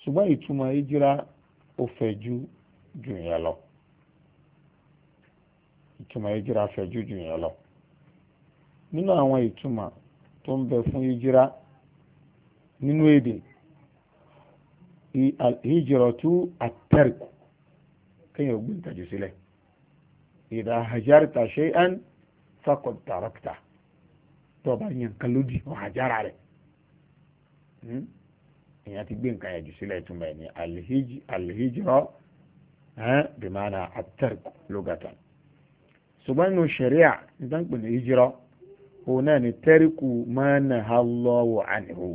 ṣùgbọ́n ìtumọ̀ hijira ó fẹ̀ ju jù yẹn lọ ìtumọ̀ hijira fẹ̀ ju jù yẹn lọ nínú àwọn ìtumọ̀ tó ń bẹ fún hijira nínú èdè hijira tú àtẹ́rìkù kéèyàn gbé ìtàjù sílẹ̀. Si ìdá hajarta shay'an faqad tarakta tó bá yàn kan lódì wọn hajara rẹ̀ èèyàn ti gbé nǹkan yẹn jù sílẹ̀ ìtumọ̀ ẹ̀ ní alhij alhijra bí máa na at-tark lugatan ṣùgbọ́n inú ṣẹ̀ríà nítorí pé ní hijra òun náà ni tẹ́ríkù máa nà ha lọ́wọ́ àníhù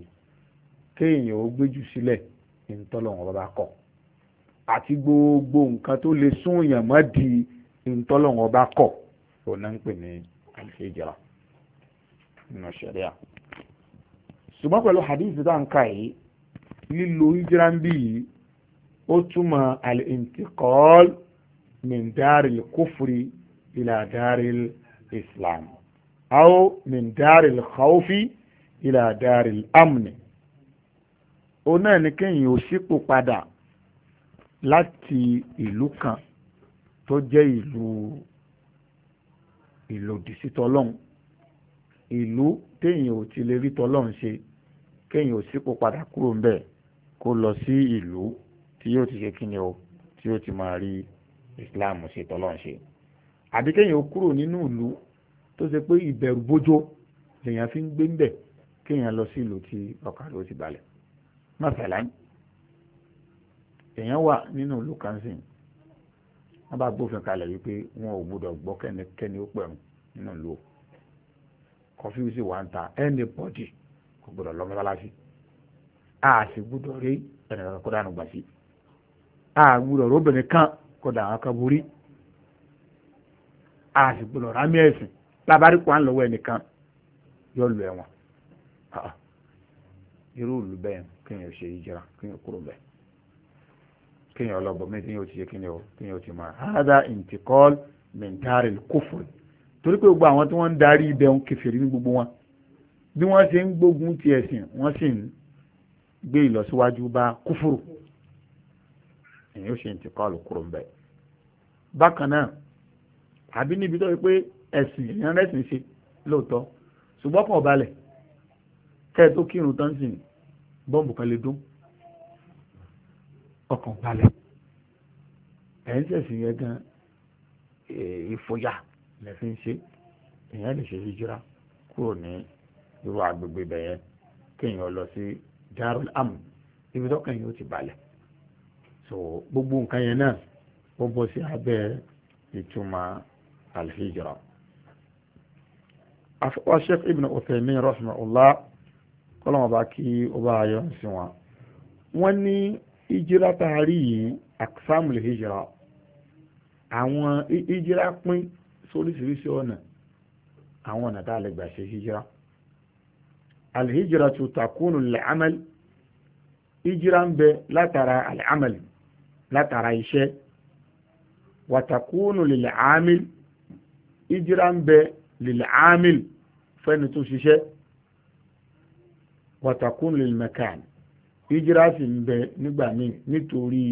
kéèyàn ó gbé jù sílẹ̀ ní tọ́lọ́wọ́n bá kọ̀ àti gbogbo nǹkan tó lè sún yàn mọ́ di ntọ́lọ́wọ́n bá kọ̀ òun náà ń pè ní al-hijra nínú ṣẹ̀ríà ṣùgbọ́n pẹ̀lú hadith tá n ka yìí lílo hijra ń bí yìí ó túmọ̀ al-intiqal min daril kufri ila daril islam aw min daril khawfi ila daril amni òun náà ni kéèyàn ò ṣípò padà láti ìlú kan tó jẹ́ ìlú ìlòdì sí tọlọ́hun ìlú téèyàn ò ti lè rí tọlọ́hun ṣe kéèyàn ò sípò padà kúrò ń bẹ̀ kó lọ sí ìlú tí yóò ti ṣe kíni o tí yóò ti máa rí Islam ṣe tọlọ́hun ṣe àbí kéèyàn ó kúrò nínú ìlú tó ṣe pé ìbẹ̀rù bójó lèèyàn fi ń gbé ń bẹ̀ kéèyàn lọ sí ìlú tí ọkàn ló ti balẹ̀ mọ́sálá èèyàn wà nínú ìlú kan sìn wọ́n bá gbófin kalẹ̀ wípé wọn ò gbọdọ̀ gbọ́ kẹ́nikẹ́ni ó pẹ̀rùn nínú ìlú o kọfí sì wà ń ta ẹni pọ́jì kò gbọdọ̀ lọ mọ́sálásí a sì gbọdọ̀ rí ẹnìkan kó dànù gbà sí a gbọdọ̀ róbìnrin kan kó dànù kan borí a sì gbọdọ̀ rámí ẹ̀sìn lábárí kó à ń lọ́wọ́ ẹnìkan yóò lu ẹ̀wọ̀n irú ìlú bẹ́ẹ̀ kéèyàn ṣe ìjìra kéèyàn kúrò bẹ́ẹ̀ kéèyàn ọlọ́bọ mi kéèyàn ó ti ṣe kíni o kéèyàn ó ti máa hádà intikọ́l mẹ́ntárì kófòrè torí pé gbogbo àwọn tí wọ́n ń darí ibẹ̀ ń kèfèrí ní gbogbo wọn bí wọ́n ṣe ń gbógun ti ẹ̀sìn wọ́n sì ń gbé ìlọsíwájú bá kófòrò èyí ó ṣe intikọ́l kúrò ń bẹ̀. bákan náà àbí níbi tó yẹ pé ẹ̀sìn èèyàn rẹ̀sìn ṣe lóòótọ́ ṣùgbọ́n kàn balẹ̀ kẹ́ẹ̀ tó kírun tán sìn bọ́ǹbù kan lè dún fọkàn balẹ̀ ẹ̀ ń ṣẹ̀sìn yẹn gan ìfòyà lẹ̀ fi ń ṣe èèyàn lè ṣe hijira kúrò ní irú agbègbè ibẹ̀ yẹn kéèyàn lọ sí darul amn ibi tó kàn yín ó ti balẹ̀ so gbogbo nǹkan yẹn náà ó bọ́ sí abẹ́ ìtumọ̀ alhijira afọwọ́ sheikh ibn Uthaymin rahimahullah kọ́lọ́mọba kí ó bá yọ sí wọn wọ́n ní ìjírá tààrí yìí aksamul hijira àwọn ìjírá pín sóríṣiríṣi ọ̀nà àwọn ọ̀nà tá a lè gbà ṣe hijira alhijira tó takúnù lẹ́àmẹ́lì ìjírá ń bẹ látara alẹ́àmẹ́lì látara iṣẹ́ wàtakúnù lẹ́àmẹ́lì ìjírá ń bẹ lẹ́àmẹ́lì fẹ́ni tó ṣiṣẹ́ wàtakúnù lẹ́mẹkánì ìjírá sì ń bẹ nígbà míì nítorí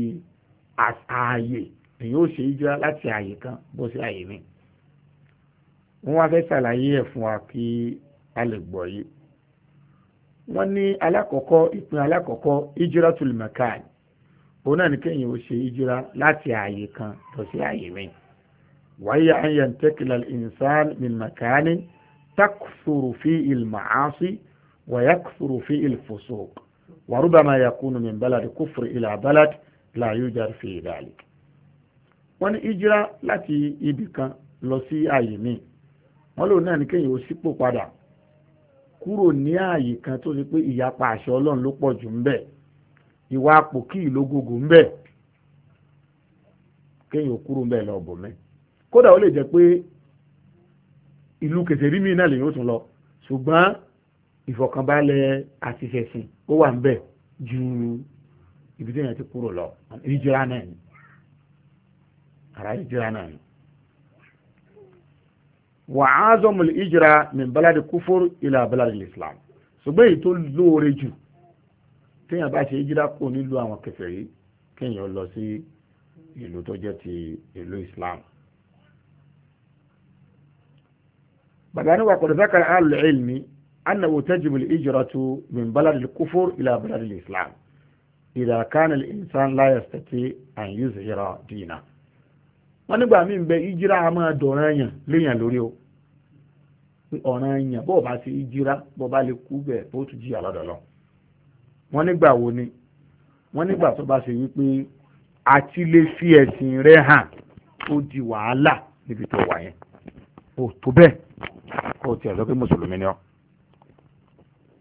ààyè èyí ó ṣe ìjírá láti ààyè kan bó sí ààyè míì wọ́n wá fẹ́ ṣàlàyé ẹ̀ fún wa kí a lè gbọ́ yìí wọ́n ní alákọ̀ọ́kọ́ ìpín alákọ̀ọ́kọ́ ìjírá tùlùmọ̀káì òun náà ní kéèyàn ó ṣe ìjírá láti ààyè kan lọ sí ààyè míì wáyé àyàn tẹ́kìlá ìnsán mìlmọ̀káì takfuru fi ìlmọ̀ àásí wàyàkfuru وربما يكون من بلد كفر إلى بلد لا يوجد فيه ذلك wọ́n ní ìjírá láti ibì kan lọ sí ààyè míì wọ́n lòun náà ní kéèyàn ó sípò padà kúrò ní ààyè kan tó ṣe pé ìyapa àṣẹ ọlọ́run ló pọ̀ jù ń bẹ̀ ìwà àpò kí ìlógógó ń bẹ̀ kéèyàn ó kúrò ń bẹ̀ lọ bò mẹ́ kódà ó lè jẹ́ pé ìlú kẹsẹ̀ rí mi náà lèyìn ó tún lọ ṣùgbọ́n ìfọ̀kànbalẹ̀ àtìfẹ̀sìn ó wà ń bẹ̀ ju ibi tí èèyàn ti kúrò lọ ìjọra náà ni ara ìjọra náà ni. wà á zọmọ ìjọra ní baladi kúfúrú ilà baladi islam ṣùgbọ́n èyí tó lóore jù téèyàn bá ṣe ìjọra kó nílùú àwọn kèfèrí kéèyàn lọ sí ìlú tó jẹ́ ti ìlú islam. bàbá níwà kò dé sákàrà àlùilmi. أنه تجب الإجرة من بلد الكفر إلى بلد الإسلام إذا كان الإنسان لا يستطيع أن يظهر دينه wọ́n nígbà míì ń ijira a máa dọ̀ràn èèyàn lori o ọ̀ràn èèyàn bó bá ṣe ìjírá bó bá lè kú bẹ́ẹ̀ bó tún jìyà lọ́dọ̀ lọ. wọ́n wo ni fi di wàhálà o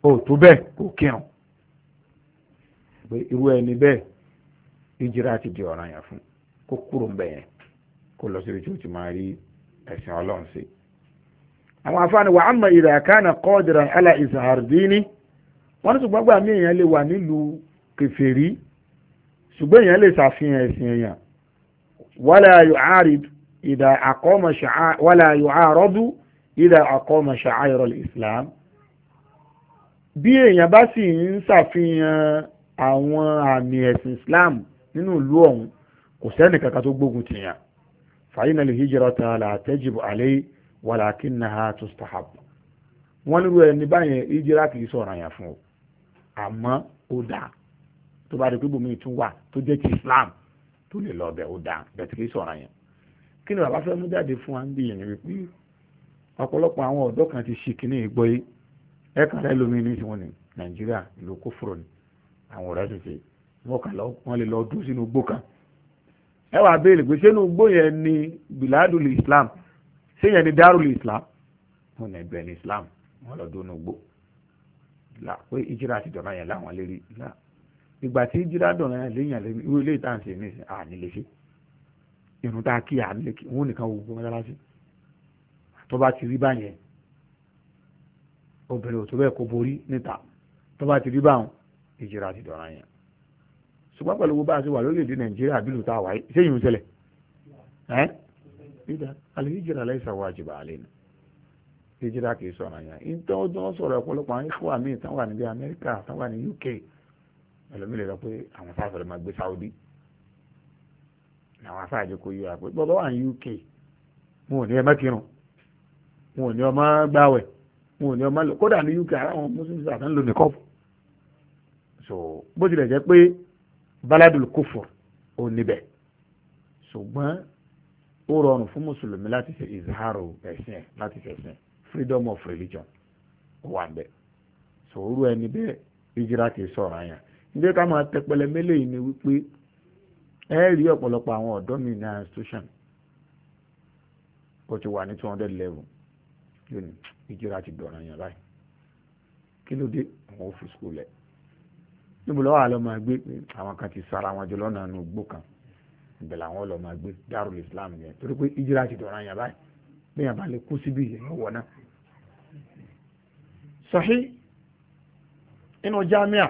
ó tó bẹ́ẹ̀ kò kírun pé irú ẹni bẹ́ẹ̀ ìjìrá ti di ọ̀ràn yẹn fún kó kúrò ń bẹ̀ yẹn kó lọ síbi tí ó ti máa rí ẹ̀sìn ọlọ́run sí. àwọn afáàní wa àmọ́ ìrẹ̀ àkáànà kọ́ọ̀dìrà alá ìsàhàrdínì wọ́n ní ṣùgbọ́n gbà mí èèyàn lè wà nílùú kẹfẹ́rí ṣùgbọ́n èèyàn lè ṣàfihàn ẹ̀sìn èèyàn wala yu'arid ìdá àkọ́mọ̀ ìdá àkọ́mọ̀ bí èèyàn bá sì ń ṣàfihàn àwọn àmì ẹ̀sìn Islam nínú ìlú ọ̀hún kò sẹ́ni kaka tó gbógun tìyàn fàyínà lè hijira ta tó stahab wọ́n ẹni báyẹn hijira kì í sọ̀rọ̀ àyàn fún o àmọ́ ó tó bá pé bòmí tún wà tó jẹ́ ti Islam tó lè lọ bẹ̀ ó fún wa ń bí ìyẹn wípé ọ̀pọ̀lọpọ̀ kan ti ṣì kíní ìgbọ́ ẹ kà lẹ́ lómi ní ìsìnwọ̀n ní nàìjíríà ìlú kófòrò ni àwọn ọ̀rẹ́ ṣẹṣẹ wọn kà lọ wọn lè lọ dún sínú igbó kan ẹ wàá béèrè pé sínú igbó yẹn ni biladul islam ṣé yẹn ni darul islam wọn ní ẹgbẹ́ ní islam wọn lọ dún igbó là pé ìjírà ti dọ̀nà yẹn láwọn lérí là ìgbà tí ìjírà dọ̀nà yẹn léyìn lẹ́nu irú ilé ìtàn ṣe ní àní lè ṣe irun tá a kí àní lè kí òun nìkan wò gbọmọdé obìnrin ò tó bẹ́ẹ̀ kó borí níta tó bá ti rí báwọn ìjìrà ti dọ̀ra yẹn ṣùgbọ́n pẹ̀lú owó bá a ṣe wà lórílẹ̀‐èdè nàìjíríà bílù tá a wáyé ṣé yìí ń ṣẹlẹ̀ ẹ́ àlẹ́ ìjìrà láìsà wá jìbà àlẹ́ nù ìjìrà kì sọ̀rọ̀ yẹn ìtàn ọdún sọ̀rọ̀ ọ̀pọ̀lọpọ̀ àwọn ìfọwà míì tán wà níbi amẹ́ríkà tán wà ní UK ẹlòmíì lè sọ pé àwọn sáfẹ̀rẹ̀ máa gbé Saudi làwọn afáàjẹ kò UK wọn ò ní ẹ má kírun wọn ò wọn ò ní ọmọ lò kódà ní UK ara muslims àti ń lò ní kọ́ọ̀pù so bó tilẹ̀ jẹ́ pé baladul kufur ò níbẹ̀ ṣùgbọ́n ó rọrùn fún mùsùlùmí láti ṣe ìzaharo ẹ̀sìn ẹ̀ láti ṣe ẹ̀sìn freedom of religion ó wà ń bẹ̀ so orú ẹni bẹ́ẹ̀ ìjìrá kì í sọ̀rọ̀ àyàn níbi ká máa tẹpẹlẹ mélòó yìí ni wípé ẹ rí ọ̀pọ̀lọpọ̀ àwọn ọ̀dọ́ mi ní institution ó ti wà ní two hundred level lónìí ìjìrà ti dọ̀ràn yàn báyìí kí ló dé àwọn ò fi skul lẹ̀ níbo lọ́wọ́ àlọ́ máa gbé àwọn kan ti sara wọn jọ lọ́nà inú igbó kan ibẹ̀ làwọn lọ́ máa gbé Darul Islam yẹn torí pé ìjìrà ti dọ̀ràn yàn báyìí bí yàn bá lè kú síbi ìyẹn wọ̀ náà. sọ̀hí inú jámíà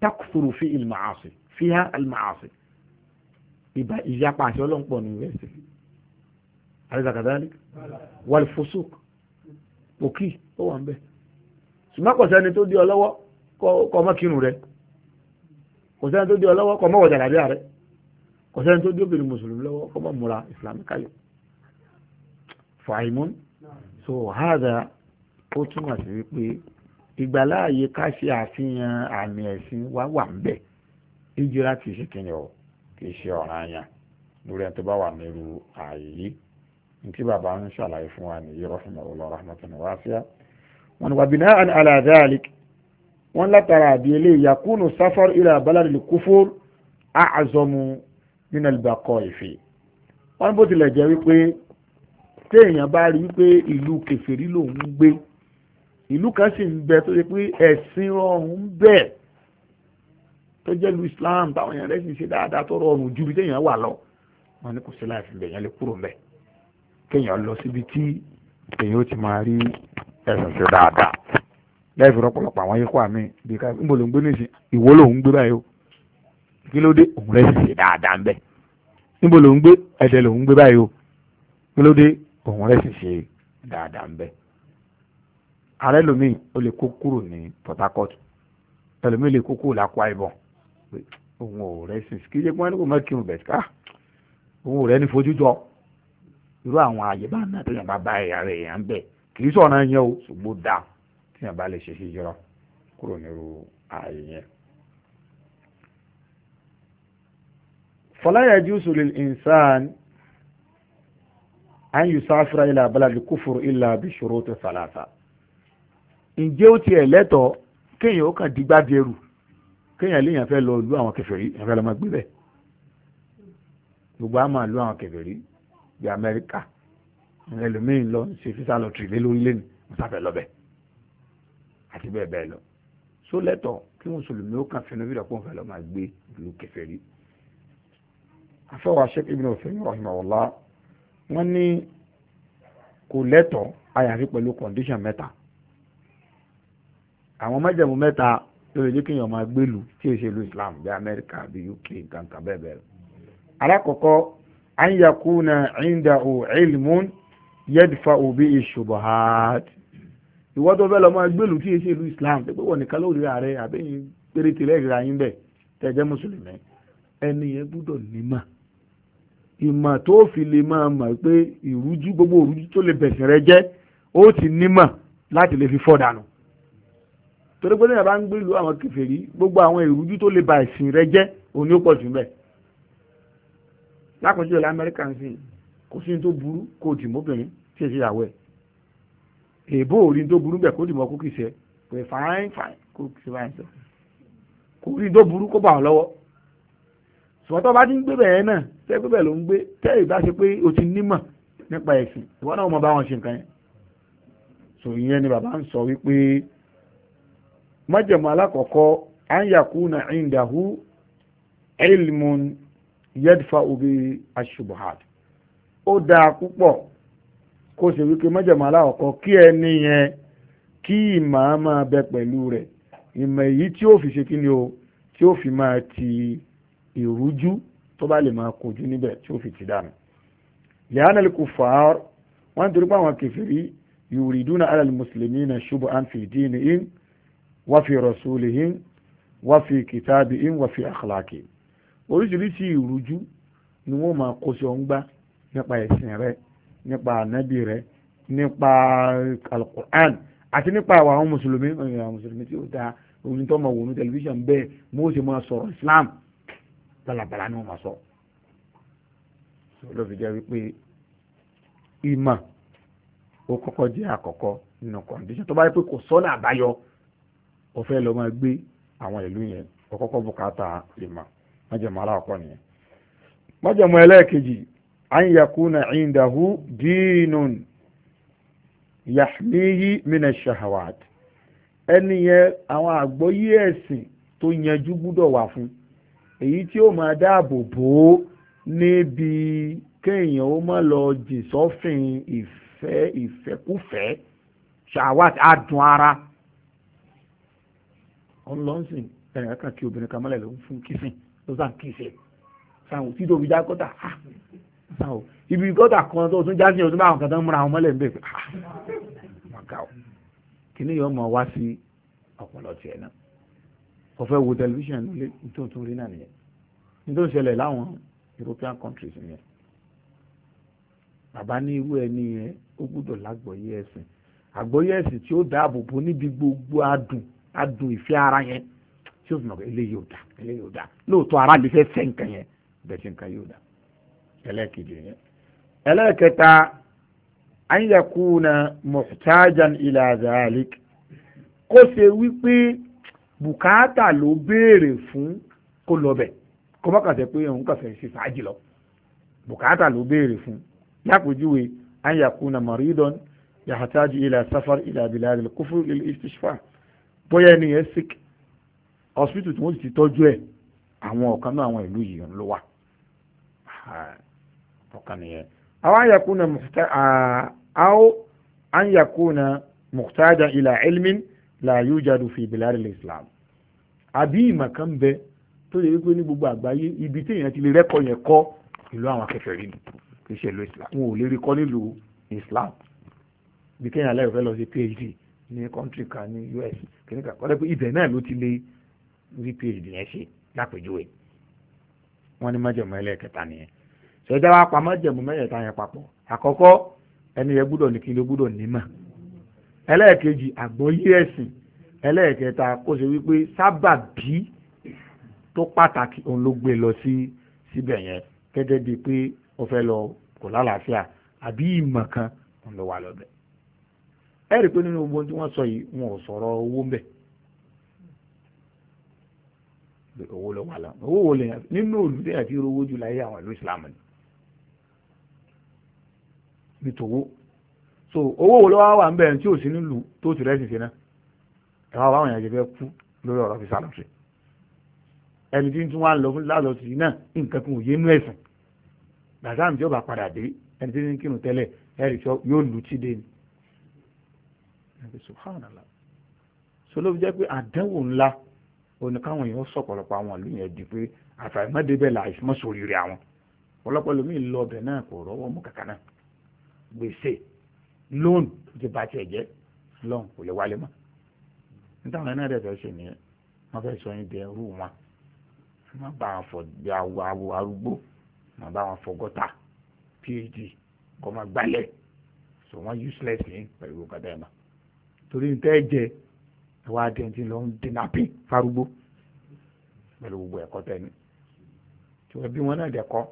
takùsùrù fi ìlmàásì fíhá ìlmàásì ìyapa àti ọlọ́npọ̀ ní yunifásitì. àrísàkàdálì wàlfùsùkù òkì ó wà ń bẹ̀ ṣùgbọ́n kò sẹ́ni tó dí ọ lọ́wọ́ kọ ọmọ kírun rẹ kò sẹ́ni tó dí ọ lọ́wọ́ kọ ọmọ wọ̀jà làbíà rẹ kò tó dí obìnrin mùsùlùmí lọ́wọ́ kọ ọmọ múra ìsìlámù kalẹ̀ fàìmún so hádà ó túmọ̀ sí wípé ìgbàláàyè ká ṣe àfihàn àmì ẹ̀sìn wa wà ń bẹ̀ ìjìra kì í ṣe kìnìún kì í ṣe ọ̀ranyàn lórí ẹni tó bá wà nírú ààyè yìí nítí bàbá ń ṣàlàyé fún wa nìyí rahimahullah rahmatan wasi'a wọn ni wà bina'an ala dhalik wọn látara àbíyẹlẹ yakunu safar ila baladil kufur a'zamu min al-baqa'i fi wọn bó tilẹ̀ jẹ́ wípé téèyàn bá rí wípé ìlú kèfèrí lòún ń gbé ìlú kan sì ń bẹ tó ṣe pé ẹ̀sìn rọrùn ń bẹ tó jẹ́ lu Islam táwọn èèyàn rẹ̀ ṣe dáadáa tó rọrùn ju bí téèyàn wà lọ wọn ni kò sí láì fi bẹ̀yàn lè kúrò mẹ́ẹ̀ kéèyàn lọ síbi tí èyí ó ti máa rí ẹ̀sìn sí dáadáa lẹ́yìn fún ọ̀pọ̀lọpọ̀ àwọn ikú àmì bí ká ń bò ló ń gbé nísìn ìwó lòún gbé báyìí o kí ló dé òun rẹ̀ sì ṣe dáadáa ń bẹ̀ níbo lòún gbé ẹ̀dẹ̀ lòún gbé báyìí o kí ló dé òun rẹ̀ sì ṣe dáadáa ń bẹ̀. ààrẹ lomiin ó lè kó kúrò ní Port Harcourt ẹlòmíì lè kó kúrò l'Akwa Ibom òun ò rẹ̀ sì kí ṣe pé wọ́n kò má kírun bẹ̀ ká ah! òun ò rẹ̀ ní fojú jọ irú àwọn àyè bá náà tó yàn bá bá ẹ̀yà rẹ̀ yàn bẹ̀ kì í sọ̀rọ̀ yẹn o ṣùgbọ́n dá tí yàn bá lè ṣe hijira kúrò nírú ààyè yẹn. fala yajuzu lil insan an yusafira ila baladi kufur illa bi shuruti salasa. ǹjẹ́ ó tiẹ̀ lẹ́tọ̀ọ́ kéèyàn ó kàn digbá dẹrù kéèyàn léèyàn fẹ́ lọ lu àwọn kèfèrí yàn fẹ́ lọ máa gbé bẹ́ẹ̀ gbogbo àmọ́ lu àwọn kèfèrí bí amẹ́ríkà ẹlòmíín lọ ṣe fisa lọtìrì lé lórí lẹ́nu mùsàfẹ́ lọ́bẹ̀ àti bẹ́ẹ̀ bẹ́ẹ̀ lọ só lẹ́tọ̀ kí mùsùlùmí ó kàn fẹnu bí ìdàpọ̀ nfẹ́ lọ́ máa gbé ìlú kèfèrí afẹ́wàá Sheikh Ibn Uthaymeen rahimahullah wọ́n ní kò lẹ́tọ̀ àyàfi pẹ̀lú kọ̀ǹdíṣàn mẹ́ta àwọn májẹ̀mú mẹ́ta lórí jẹ́ kéèyàn máa gbèlú tí èsèlú Islam bí Amẹ́ríkà bí UK kankan bẹ́ẹ̀ bẹ́ẹ̀ alákọ̀ọ́kọ́ an yakuna indahu ilmun yadfa'u bihi shubuhat ìwọ́n tó fẹ́ lọ máa gbèlú tí èsì ìlú islam pé wọ́n nìkan lórí ààrẹ àbẹ́yìn péréte lẹ́gbẹ̀rẹ́ ayín bẹ̀ tẹ̀jẹ́ mùsùlùmí ẹni yẹn gbúdọ̀ nímọ̀ ìmọ̀ tó fi lè máa mọ̀ pé ìrújú gbogbo ìrújú tó lè bẹ̀sẹ̀ rẹ jẹ́ ó ti nímọ̀ láti lè fi fọ́ dànù torí pé lẹ́yìn bá ń gbèlú àwọn kèfèrí gbogbo àwọn ìrújú tó lè ba ẹ̀sìn rẹ jẹ́ òun ó pọ̀ jù bẹ́ẹ̀ lákòójú ìlú amẹ́ríkà ń sìn kò sí tó burú kó o dì mọ́bìnrin tí èsì ìyàwó ẹ̀ èbó òrin tó burú bẹ̀ kó dì mọ́ kó kìí ṣe pé fine fine kó kìí ṣe fine sọ kò rí tó burú kó bà ọ́ lọ́wọ́ sọ̀tọ́ bá ti ń gbé bẹ̀rẹ̀ náà tẹ́ gbé bẹ̀rẹ̀ ló ń gbé tẹ́ ìbá ṣe pé o ti nímọ̀ nípa ẹ̀sìn ìwọ náà mọ̀ bá wọn ṣe nǹkan yẹn so ìyẹn ni bàbá ń sọ wípé májẹ̀mú alákọ̀ọ́kọ́ anyakuna indahu ilmun yẹ́dfà òbí aṣubuhat ó dáa púpọ̀ kó ṣe wípé mọ́jàmọ́ aláwọ̀kọ́ kí ẹni yẹn kí ìmọ̀ á máa bẹ pẹ̀lú rẹ̀ ìmọ̀ èyí tí ó fi ṣe kí ni o tí ó fi máa ti ìrújú tó bá lè máa kojú níbẹ̀ tí ó fi ti dànù. lẹ́hàn alikú fàár wọ́n torí pé àwọn kẹfìrí yuriduna ala al-muslimina shub'an fi dinihim wa fi rasulihim wa fi kitabihim wa fi akhlaqihim oríṣiríṣi ìrújú ni wọ́n máa kó sí ọ̀ngbá nípa ẹ̀sìn rẹ nípa ànábì rẹ nípa alukur'an àti nípa àwọn àwọn mùsùlùmí àwọn mùsùlùmí tí ó da orin tó máa wò ní tẹlifíṣàn bẹ́ẹ̀ mo sì máa sọ̀rọ̀ islam balabala ni wọ́n máa sọ. olóòfin jẹ́ wípé ìmọ̀ ó kọ́kọ́ jẹ́ àkọ́kọ́ nínú kọ̀ǹdíṣàn tó bá yẹ pé kò sọ́nà àbáyọ ó fẹ́ máa gbé àwọn ìlú yẹn ó bùkátà ìmọ̀. májẹ̀mú aláwọ̀kọ́ nìyẹn májẹ̀mú ẹlẹ́ẹ̀kejì anyakuna indahu dínún yahmihi mina shahawat ẹni yẹn àwọn àgbọ́yé ẹ̀sìn tó yanjú gbúdọ̀ wà fún èyí tí ó máa dáàbò bò ó níbi kéèyàn ó má lọ jìn sọ́fìn ìfẹ́ ìfẹ́kúfẹ́ adùn ara ọlọ́sìn kí obìnrin kan mọ́lẹ̀ ló tó sàn kìsẹ̀ sàn ò títò fi já gọ́tà ah! sàn ò ibi gọ́tà kan tó tún já sí ọdún báwọn kan tó ń múra àwọn mọ́lẹ̀ ń bẹ̀ pé ah! màgà ò kíní yóò mọ̀ wá sí ọ̀pọ̀lọ tiẹ̀ náà kò fẹ́ wo tẹlifíṣàn nílé tó tún rí náà nìyẹn nítorí ṣẹlẹ̀ láwọn European countries nìyẹn bàbá ní irú ẹni yẹn ó gbúdọ̀ lágbọ̀ọ́yé ẹ̀sìn àgbọ̀ọ́yé ẹ̀sìn tí ó dáàbò bo níbi gbogbo adùn adùn ìfẹ́ ara yẹn tí ó fi mọ̀ pé eléyìí ò dá eléyìí ò dá lóòótọ́ ara mi fẹ́ fẹ́ nǹkan yẹn bẹ́ẹ̀ tí nǹkan yóò dá ẹlẹ́ẹ̀kejì yẹn ẹlẹ́ẹ̀kẹta an yakuna muhtajan ila zalik kó ṣe wípé bùkátà ló béèrè fún kó lọ bẹ̀ kó má kàn ṣe pé òun kàn fẹ́ ṣe fàájì lọ bùkátà ló béèrè fún lápèjúwe an maridon yahtaju ila safar ila biladil kufur lil istishfa bóyá ẹni yẹn sick hospital tí wọ́n ti tọ́jú ẹ̀ àwọn ọ̀kan náà àwọn ìlú yìí ló wà ọ̀kan nìyẹn. àwọn àyàkúnà mùtá àwọ àyàkúnà muhtaja ila ilmin la yujadu fi bilad al-islam àbí ìmọ̀ kan bẹ tó yẹ wípé ní gbogbo àgbáyé ibi tí èèyàn ti lè rẹ́kọ̀ọ́ yẹn kọ́ ìlú àwọn akẹfẹ̀rí ni kì í ṣe ìlú islam wọn ò lè rí kọ́ nílùú islam bí kéèyàn alẹ́ lọ sí phd ní kọ́ńtì kan ní us kìnìkan kọ́ lẹ́pẹ́ ibẹ̀ náà ló rí phd yẹn ṣe lápèjúwe wọn ní májẹ̀mú ẹlẹ́ẹ̀kẹta nìyẹn ṣẹjá wa pa májẹ̀mú mẹ́rẹ̀ẹ̀ta yẹn papọ̀ àkọ́kọ́ ẹni yẹn gbúdọ̀ ní kí ló gbúdọ̀ nímọ̀ ẹlẹ́ẹ̀kejì àgbọ́yé ẹ̀sìn ẹlẹ́ẹ̀kẹta kó ṣe wípé sábàbí tó pàtàkì òun ló gbé lọ sí síbẹ̀ yẹn gẹ́gẹ́ bíi pé ó fẹ́ lọ kò lálàáfíà àbí ìmọ̀ kan òun ló wà lọ́bẹ̀ ẹ rí i pé nínú gbogbo tí wọ́n sọ yìí wọn ò sọ̀rọ̀ owó ń bẹ̀ owó lọ wà lánàá owó wò lèyàn nínú olùdíyà tí rówó jù láyé àwọn ìlú ìsìlámù ni nítòwó so owó wo ló wá wà ń bẹ̀rẹ̀ tí ò sí nílùú tó ti rẹ́sìn sí náà ẹ̀wọ̀n àwọn èèyàn ṣe fẹ́ kú lórí ọ̀rọ̀ fi sálọ̀tì ẹni tí ń tún wá lọ fún lálọ́tì náà nǹkan kan ò yé inú ẹ̀sìn gbàtà àmì tí ó bá padà dé ẹni tí ń kírun tẹ́lẹ̀ ẹ̀rì tí yóò lù tí dé ni subhanallah so ló fi jẹ́ pé àdánwò ńlá ó ní káwọn èèyàn sọ̀pọ̀lọpọ̀ àwọn ìlú yẹn di pé àfàìmọ́débẹ̀ là ìfimọ́ sórí rẹ̀ àwọn ọ̀pọ̀lọpọ̀ lómi lọ ọbẹ̀ náà kò rọ́wọ́ mú kàkà náà gbèsè lóòn ti ba tiẹ̀ jẹ́ lọ́n kò lè wálé mọ́ nítawọn náà dẹ̀ fẹ́ ṣe nìyẹn wọ́n fẹ́ sọ yín di ẹrú wọn má bá wọn fọ di awo arúgbó má bá wọn fọ gọ́tà phd kọ́ máa gbálẹ̀ so wọ́n useless ní pẹ̀lú kọ́tà ẹ̀ mọ́ torí ní tẹ́ jẹ́ wá di ẹni tí lọ ń dènà pín farúgbó pẹ̀lú gbogbo ẹ̀kọ́ tẹ́ni ṣùgbọ́n bí wọ́n náà dẹ̀kọ́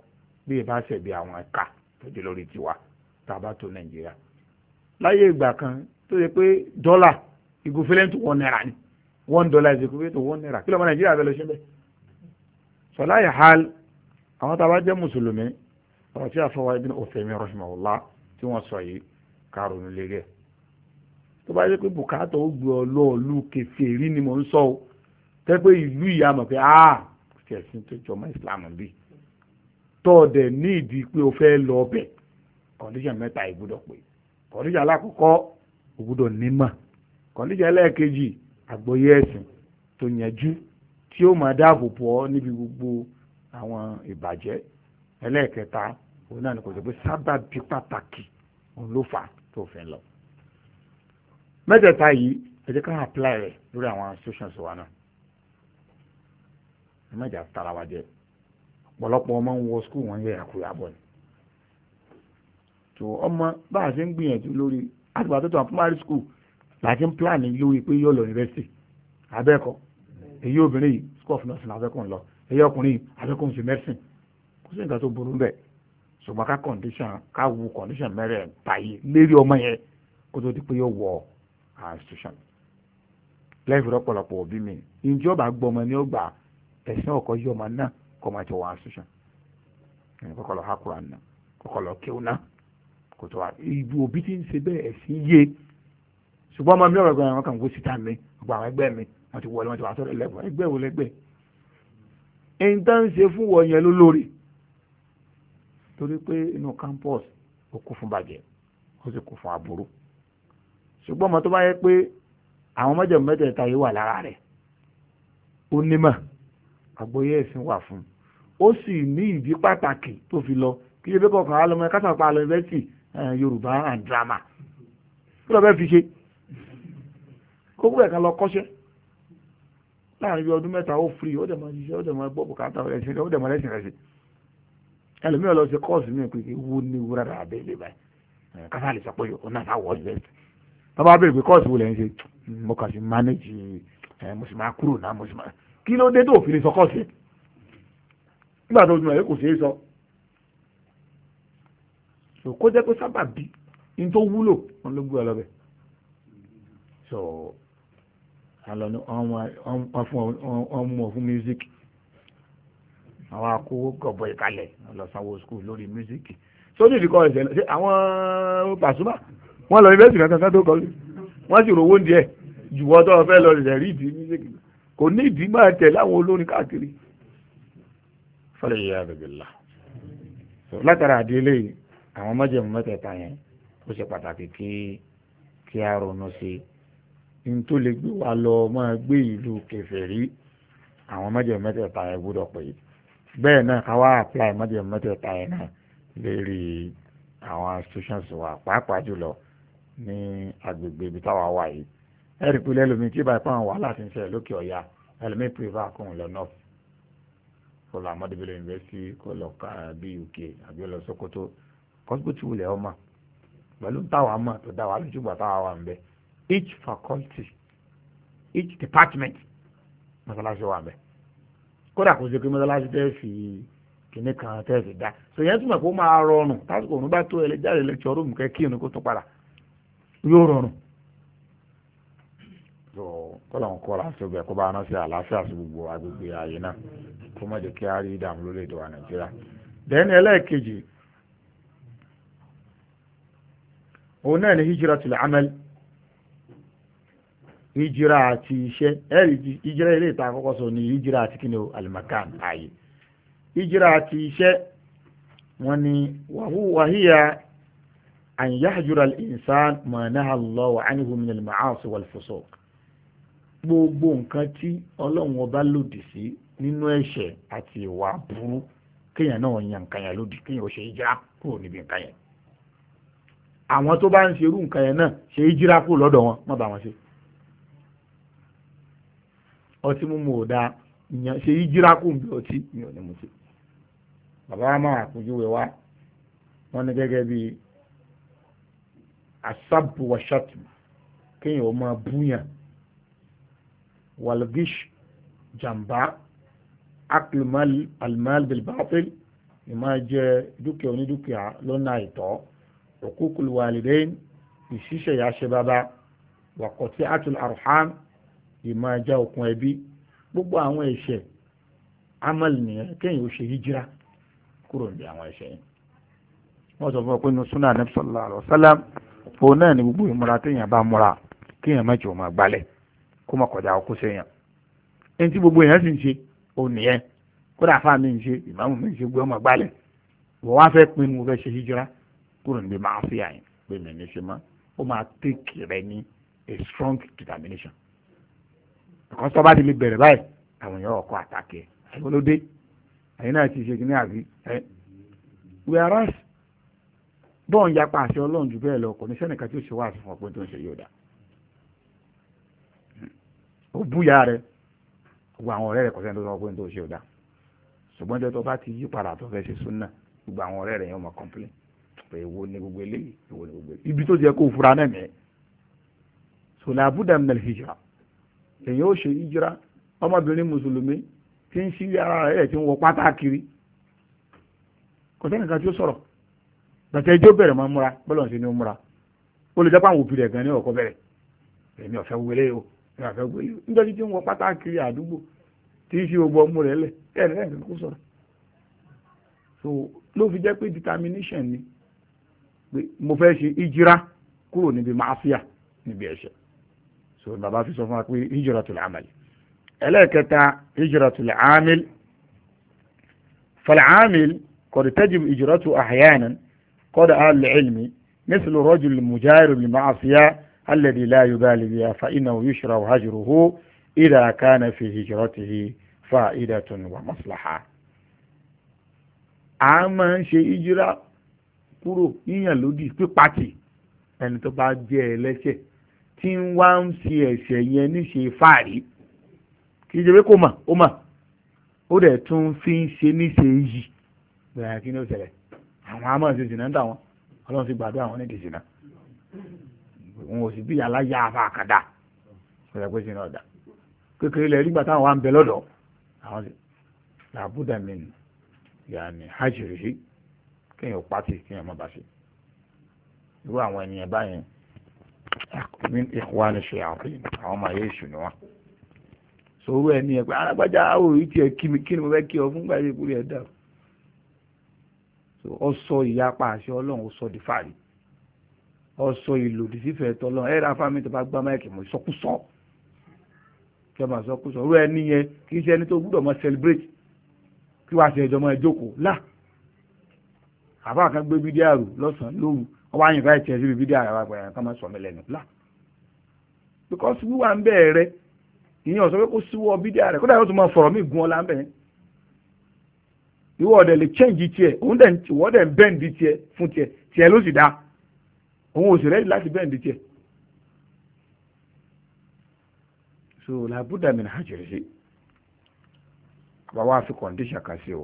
bí ìbá ṣẹ̀bi àwọn ẹ̀ka tó di lórí tiwa tá a bá tó nàìjíríà láyé ìgbà kan tó yẹ pé dọ́là ìgúfẹ́lẹ́ tó wọ́n náírà ni one dollar is equivalent to one naira kí ló mọ nàìjíríà bẹ lọ ṣe bẹ sọláyà hal àwọn tá a bá jẹ́ mùsùlùmí ọ̀rọ̀ tí a fọwọ́ ibn Uthaymin rahimahullah tí wọ́n sọ yìí ká ronú rẹ̀ tó bá yẹ pé bùkátà ó gbé ọlọ́ọ̀lù kèfèrí ni mò ń sọ o tẹ́ pé ìlú ìyá mọ̀ pé ah kò ẹ̀sìn tó jọmọ́ ìsìlámù bí tó o dẹ̀ ní ìdí pé o fẹ́ lọ ọbẹ̀ kọ̀ọ̀díjà mẹ́ta ìgbúdọ̀ pé kọ̀ọ̀díjà alákọ̀ọ́kọ́ ògbúdọ̀ nímọ̀ kọ̀ọ̀díjà ẹlẹ́ẹ̀kejì àgbọ́yé ẹ̀sìn tó yanjú tí ó máa dáàbò bò níbi gbogbo àwọn ìbàjẹ́ ẹlẹ́ẹ̀kẹta òun náà ni kò sọ pé sábàbí pàtàkì òun ló fà tó fẹ́ lọ mẹ́tẹ̀ẹ̀ta yìí ẹ jẹ́ ká apply rẹ̀ lórí àwọn institutions wa náà ẹ má jà tara wa jẹ ọ̀pọ̀lọpọ̀ ọmọ ń wọ skul wọn yẹ àkúrẹ́ ni tó ọmọ bá a ṣe ń gbìyànjú lórí àtìgbà tó àwọn primary school láti ń plan lórí pé yóò lọ university abẹ́ẹ̀kọ́ èyí obìnrin yìí school of nursing abẹ́kùn lọ èyí ọkùnrin yìí abẹ́kùn sí medicine kò sí nǹkan tó burú bẹ́ẹ̀ ṣùgbọ́n ká condition ká wu condition mẹ́rẹ̀ẹ̀ta yìí lérí ọmọ yẹn kó tó di pé yóò wọ̀ ọ́ institution lẹ́yìn rọ́pọ̀lọpọ̀ òbí mi ǹjẹ́ ọba gbọmọ ni ó gbà ẹ̀sìn ọkọ̀ yí ọmọ náà kọ́ máa ti wọ institution ẹ̀yìn kọ́kọ́ lọ hákùrọ̀ àná kọ́kọ́ lọ kéwù náà kò tó wa ibi òbí ti ń ṣe bẹ́ẹ̀ ẹ̀sìn yé ṣùgbọ́n ọmọ mi ọ̀rọ̀ gan-an wọn kàn ń kó síta mi gbogbo àwọn ẹgbẹ́ mi wọ́n ti wọlé wọ́n ti wà sọ́dọ̀ ẹlẹ́gbẹ́ ẹgbẹ́ wo lẹ́gbẹ́ ẹni tá ń ṣe fún wọn yẹn ló lórí torí pé inú campus ó kún fún bàjẹ́ ó sì kún fún aburú ṣùgbọ́n ọmọ tó bá yẹ pé àwọn mọ́jọ̀mú mẹ́tẹ̀ẹ̀ta yìí wà lára rẹ̀ ó nímọ̀ àgbóyé ẹ̀sìn wà fún ó sì ní ìdí pàtàkì tó fi lọ kí ebí kọ̀ọ̀kan á lọmọ kásán pa lọ yunifásitì yorùbá and drama kí lọ fẹ́ fi ṣe kókó ẹ̀ kan lọ kọ́ṣẹ́ láàrin bí ọdún mẹ́ta ó firi ó dẹ̀ ṣiṣẹ́ ó dẹ̀ gbọ́ bùkátà ó dẹ̀ lẹ́sìn rẹ̀ sí ẹlòmíràn lọ sí kọ́ọ̀sì mi pé wo ni wúrà rà bẹ́ẹ̀ lè báyìí kásá lè sọ pé òun náà fà ọ̀sẹ̀ wọ́n bá béèrè pé kọ́ọ̀sì wo lẹ́yìn ṣe mo kà sí manage ẹ̀ mo sì máa kúrò náà mo sì máa kí ló dé tó fi lè sọ kọ́ọ̀sì nígbà tó dùn ẹ̀ kò ṣeé sọ so kó jẹ́ pé sábà bí n tó wúlò wọn ló gbé ọ lọ́bẹ̀ so alọ́nu ọmọ fún music àwọn akówó gọ̀bọ̀ ìkalẹ̀ lọ sanwó school lórí music so ní ìdíkọ̀ ẹ̀sẹ̀ ṣe àwọn Pasuma wọ́n lọ yunifásitì kankan kan tó kọ́ wọ́n sì rówó díẹ̀ jù wọ́n tó fẹ́ lọ rẹ̀ rí ìdí music kò ní ìdí máa tẹ̀ láwọn olórin káàkiri fọlẹ̀ yìí àgbègbèlà látara àdílé àwọn májẹ̀mú mẹ́tẹ̀ẹ̀ta yẹn ó ṣe pàtàkì kí kí a ronú sí i n tó lè gbé wa lọ máa gbé ìlú kèfèrí àwọn májẹ̀mú mẹ́tẹ̀ẹ̀ta yẹn gbúdọ̀ pé bẹ́ẹ̀ náà ká wá apply mẹ́tẹ̀ẹ̀ta yẹn náà lérí àwọn institutions wa pàápàá jùlọ ní agbègbè ibi táwa wà yìí ẹ̀rí pé lẹ́lòmí tí báyìí pọ́n wàhálà ti ń ṣẹlẹ̀ lókè ọ̀yà ẹlòmí pèfà kò ń lọ north kò lọ amọ́débílẹ̀ university kò lọ bí uk àbí lọ sokoto kọ́sibítù wulẹ̀ ọmọ pẹ̀lú táwa mọ̀ tó dá wa lójú táwa wà ń bẹ each faculty each department mọ́sálásí wà ń bẹ kódà kò sí pé mọ́sálásí tẹ́ fi kìnnìkan tẹ́ fi dá so yẹn túmọ̀ kó máa rọrùn tásìkò òun bá tó ẹlẹ́jáde lẹ́kṣọ́rùmù kẹ́kí òun kó tún padà yóò rọrùn so kọ́lá àti ọgbẹ́ kó ala aná àlàáfíà sí gbogbo agbègbè ààyè náà kó má jẹ́ kí rí ìdààmú wa nàìjíríà dẹ́ni ẹlẹ́ẹ̀kejì òun náà ni hijira tìlẹ̀ amẹ́l hijira àti iṣẹ́ ẹ̀rí hijira ilé ìta àkọ́kọ́ sọ ni hijira àti kíni o alimakan ààyè hijira àti iṣẹ́ wọn ni an yahjura al ma na Allahu anhu min al wal gbogbo nkan tí ọlọ́run ọba lòdì sí nínú ẹ̀ṣẹ̀ àti ìwà burú kíyàn náà yàn nǹkan yẹn lòdì kíyàn ó ṣe ìjírá kúrò níbi nǹkan yẹn àwọn tó bá ń ṣerú nǹkan yẹn náà ṣe wọn má wọn ṣe ọtí ò dáa ìyàn ṣe kúrò bí ọtí bàbá asabu wa shatma kéèyàn ó máa búyàn walgish jàmbá akilmal almal bilbatil ìmáa jẹ dúkìá onídúkìá lọ́nà àìtọ́ hukukul walidain ìṣiṣẹ́ yà ṣe bàbá wàkọ̀tí atul arham ìmáa já okùn ẹbí gbogbo àwọn ẹ̀ṣẹ̀ amal nìyẹn kéèyàn ó ṣe hijira kúrò ní àwọn ẹ̀ṣẹ̀ yẹn wọ́n sọ fún ọ pé nusuna anabi sallallahu alayhi òun náà ni gbogbo ìmúra téèyàn bá múra kéèyàn má jòó máa gbálẹ̀ kó má kọjá ọkọ séèyàn ẹni tí gbogbo èèyàn sì ń ṣe òun nìyẹn kódà fáà mi ń ṣe ìmáàmù mi ń ṣe gbé ọmọ gbálẹ̀ wọ́n wá fẹ́ pinnu mo fẹ́ ṣe hijira kúrò níbi máa fi àyìn pé mi ní ṣe mọ́ ó máa tèkì rẹ ní a strong determination because tó bá ti lè bẹ̀rẹ̀ báyìí àwọn èèyàn ọkọ̀ àtàkì ẹ̀ ẹ̀yin ẹ̀ bọ́ọ̀ ń yapa àṣẹ ọlọ́run jù bẹ́ẹ̀ lọ kò ní sẹ́nìkan tí ó ṣe wá àṣẹ fún ọpẹ́ tó ń ṣe yóò dá ó búya rẹ gbogbo àwọn ọ̀rẹ́ rẹ kò sẹ́ni tó sọ ọpẹ́ tó ń ṣe yóò dá ṣùgbọ́n jẹ́ tó bá ti yí padà tó fẹ́ ṣe súnà gbogbo àwọn ọ̀rẹ́ rẹ yẹn mọ̀ complain pé èwo ni gbogbo eléyìí èwo ni gbogbo eléyìí ibi tó jẹ́ kó fura náà nìyẹn so làbúdà min al-hijra èyàn ó ṣe hijra ọmọbìnrin mùsùlùmí tí ń ṣí ara rẹ̀ tí ń wọ pátákiri kò sẹ́nìkan tí ó sọ̀rọ̀ bàtà ẹjọ́ bẹ̀rẹ̀ mọ́ múra bọ́lọ̀ sí ni ó múra ó lè jẹ́ pàwọn òbí rẹ̀ gan ọ̀kọ́ bẹ̀rẹ̀ èmi ọ̀fẹ́ wẹlé o èmi ọ̀fẹ́ wẹlé o nítorí tí ń wọ pátá kiri àdúgbò tí ń fi gbogbo ọmú rẹ̀ lẹ̀ kó sọ̀rọ̀ so ló fi jẹ́ pé determination ni pé mo fẹ́ ṣe ìjira kúrò níbi máfíà níbi ẹ̀ṣẹ̀ so bàbá fi sọ fún wa pé ìjira tó lè àmàlì ẹlẹ́ẹ̀kẹta ìjira tó lè àmìl àmìl tó قد alẹ́ ẹ̀lmi مثل رجل mùjáìrù bí الذي لا yá بها فإنه bá lè إذا كان في هجرته ṣùrà ومصلحة أما شيء ìdá kánà fi hìjọ́rọ́ ti hi fa ìdá tún wà maslaha. a máa ń ṣe ìjírá kúrò yíyàn lódì pípàtì ẹni tó bá jẹ́ ẹlẹ́ṣẹ̀ tí ń wá ń fi ẹ̀ṣẹ̀ yẹn níṣe fáàrí kì í ṣe pé mà ó mà ó dẹ̀ tún fi ń ṣe níṣe yìí bẹ̀rẹ̀ kí ni ó ṣẹlẹ̀ àwọn àmọ́ ṣe jìnnà ń tà wọn ọlọ́run ti gbàdúrà wọn nídìí jìnnà wọn ò sì bí aláya afa àkàdá ọ̀rẹ́ pé jìnnà ọ̀dà kékeré lẹ̀ nígbà táwọn wa ń bẹ lọ́dọ̀ àwọn sì làbúdà mi yàní hajjiri sí kéèyàn pàtì kéèyàn má bàṣẹ irú àwọn ènìyàn báyẹn min ikhwani shayatin àwọn ọmọ ayé ìṣù ni wọn sọ orú ẹni ẹ pé alágbájá àwòrán yìí tiẹ̀ kí ni mo fẹ́ kí ọ fún gbàdé ìkúrẹ́ ẹ̀ dà o ó sọ ìyapa àṣẹ ọlọ́run ó sọ di fàárí ó sọ ìlòdì sífẹ̀ẹ́ tọ́lọ́run ẹ̀rọ afámi tó bá gbá máìkì mọ́ ìsọkúsọ kí ẹ máa sọkúsọ irú ẹni yẹn kì í ṣe ẹni tó gbúdọ̀ máa celebrate kí wàá ṣe ẹjọ́ máa jókòó là àbá kan gbé bídíà rù lọ́sàn-án lóru ọwọ́ àyìnká ẹ̀tì ẹ̀sìn bídíà rẹ̀ wá gbàyàn ká máa sọ mí lẹ́nu là because wíwà ń bẹ̀ẹ̀ rẹ ìyẹn ọ̀sọ́ pé kó síwọ́ bídíà rẹ̀ kódà yóò tún máa fọ̀rọ̀ mí gun ọ̀la ń bẹ̀ẹ́ ìwọ ọ̀dẹ̀ lè change tiẹ̀ òun dẹ̀ ìwọ dẹ̀ ń bend tiẹ̀ fún tiẹ̀ tiẹ̀ ló sì dáa òun ò sì rẹ́ẹ̀dì láti bend tiẹ̀. so làbúdà mi náà jẹ̀rẹ̀ sí àbáwá fi condition kan sí o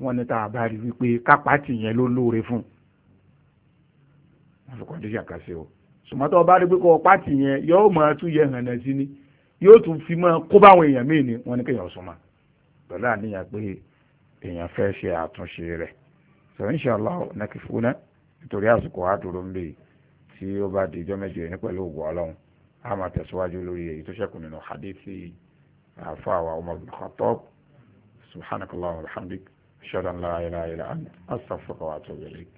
wọ́n ní tá a bá rí wípé kápá tì yẹn ló lóore fún wọ́n fi condition kan sí o sùmọ́tò ọba rí pé pátì yẹn yóò máa tún yẹ hàn náà sí ni yóò tún fi máa kó báwọn èèyàn míì ni wọ́n ní kéèyàn sùn pẹ̀lú àníyàn pé èèyàn fẹ́ ṣe àtúnṣe rẹ̀ so inshallah nakifuna nítorí àsìkò àdúró ń bè tí ó bá di ijọ́ mẹ́jọ ní pẹ̀lú ògùn ọlọ́run a máa tẹ̀síwájú lórí èyí tó ṣẹ́kù nínú hadithi àfàwà Umar bin Khattab subhanakallah alhamdik ashhadu an la ilaha illa ant wa atubu ilayk.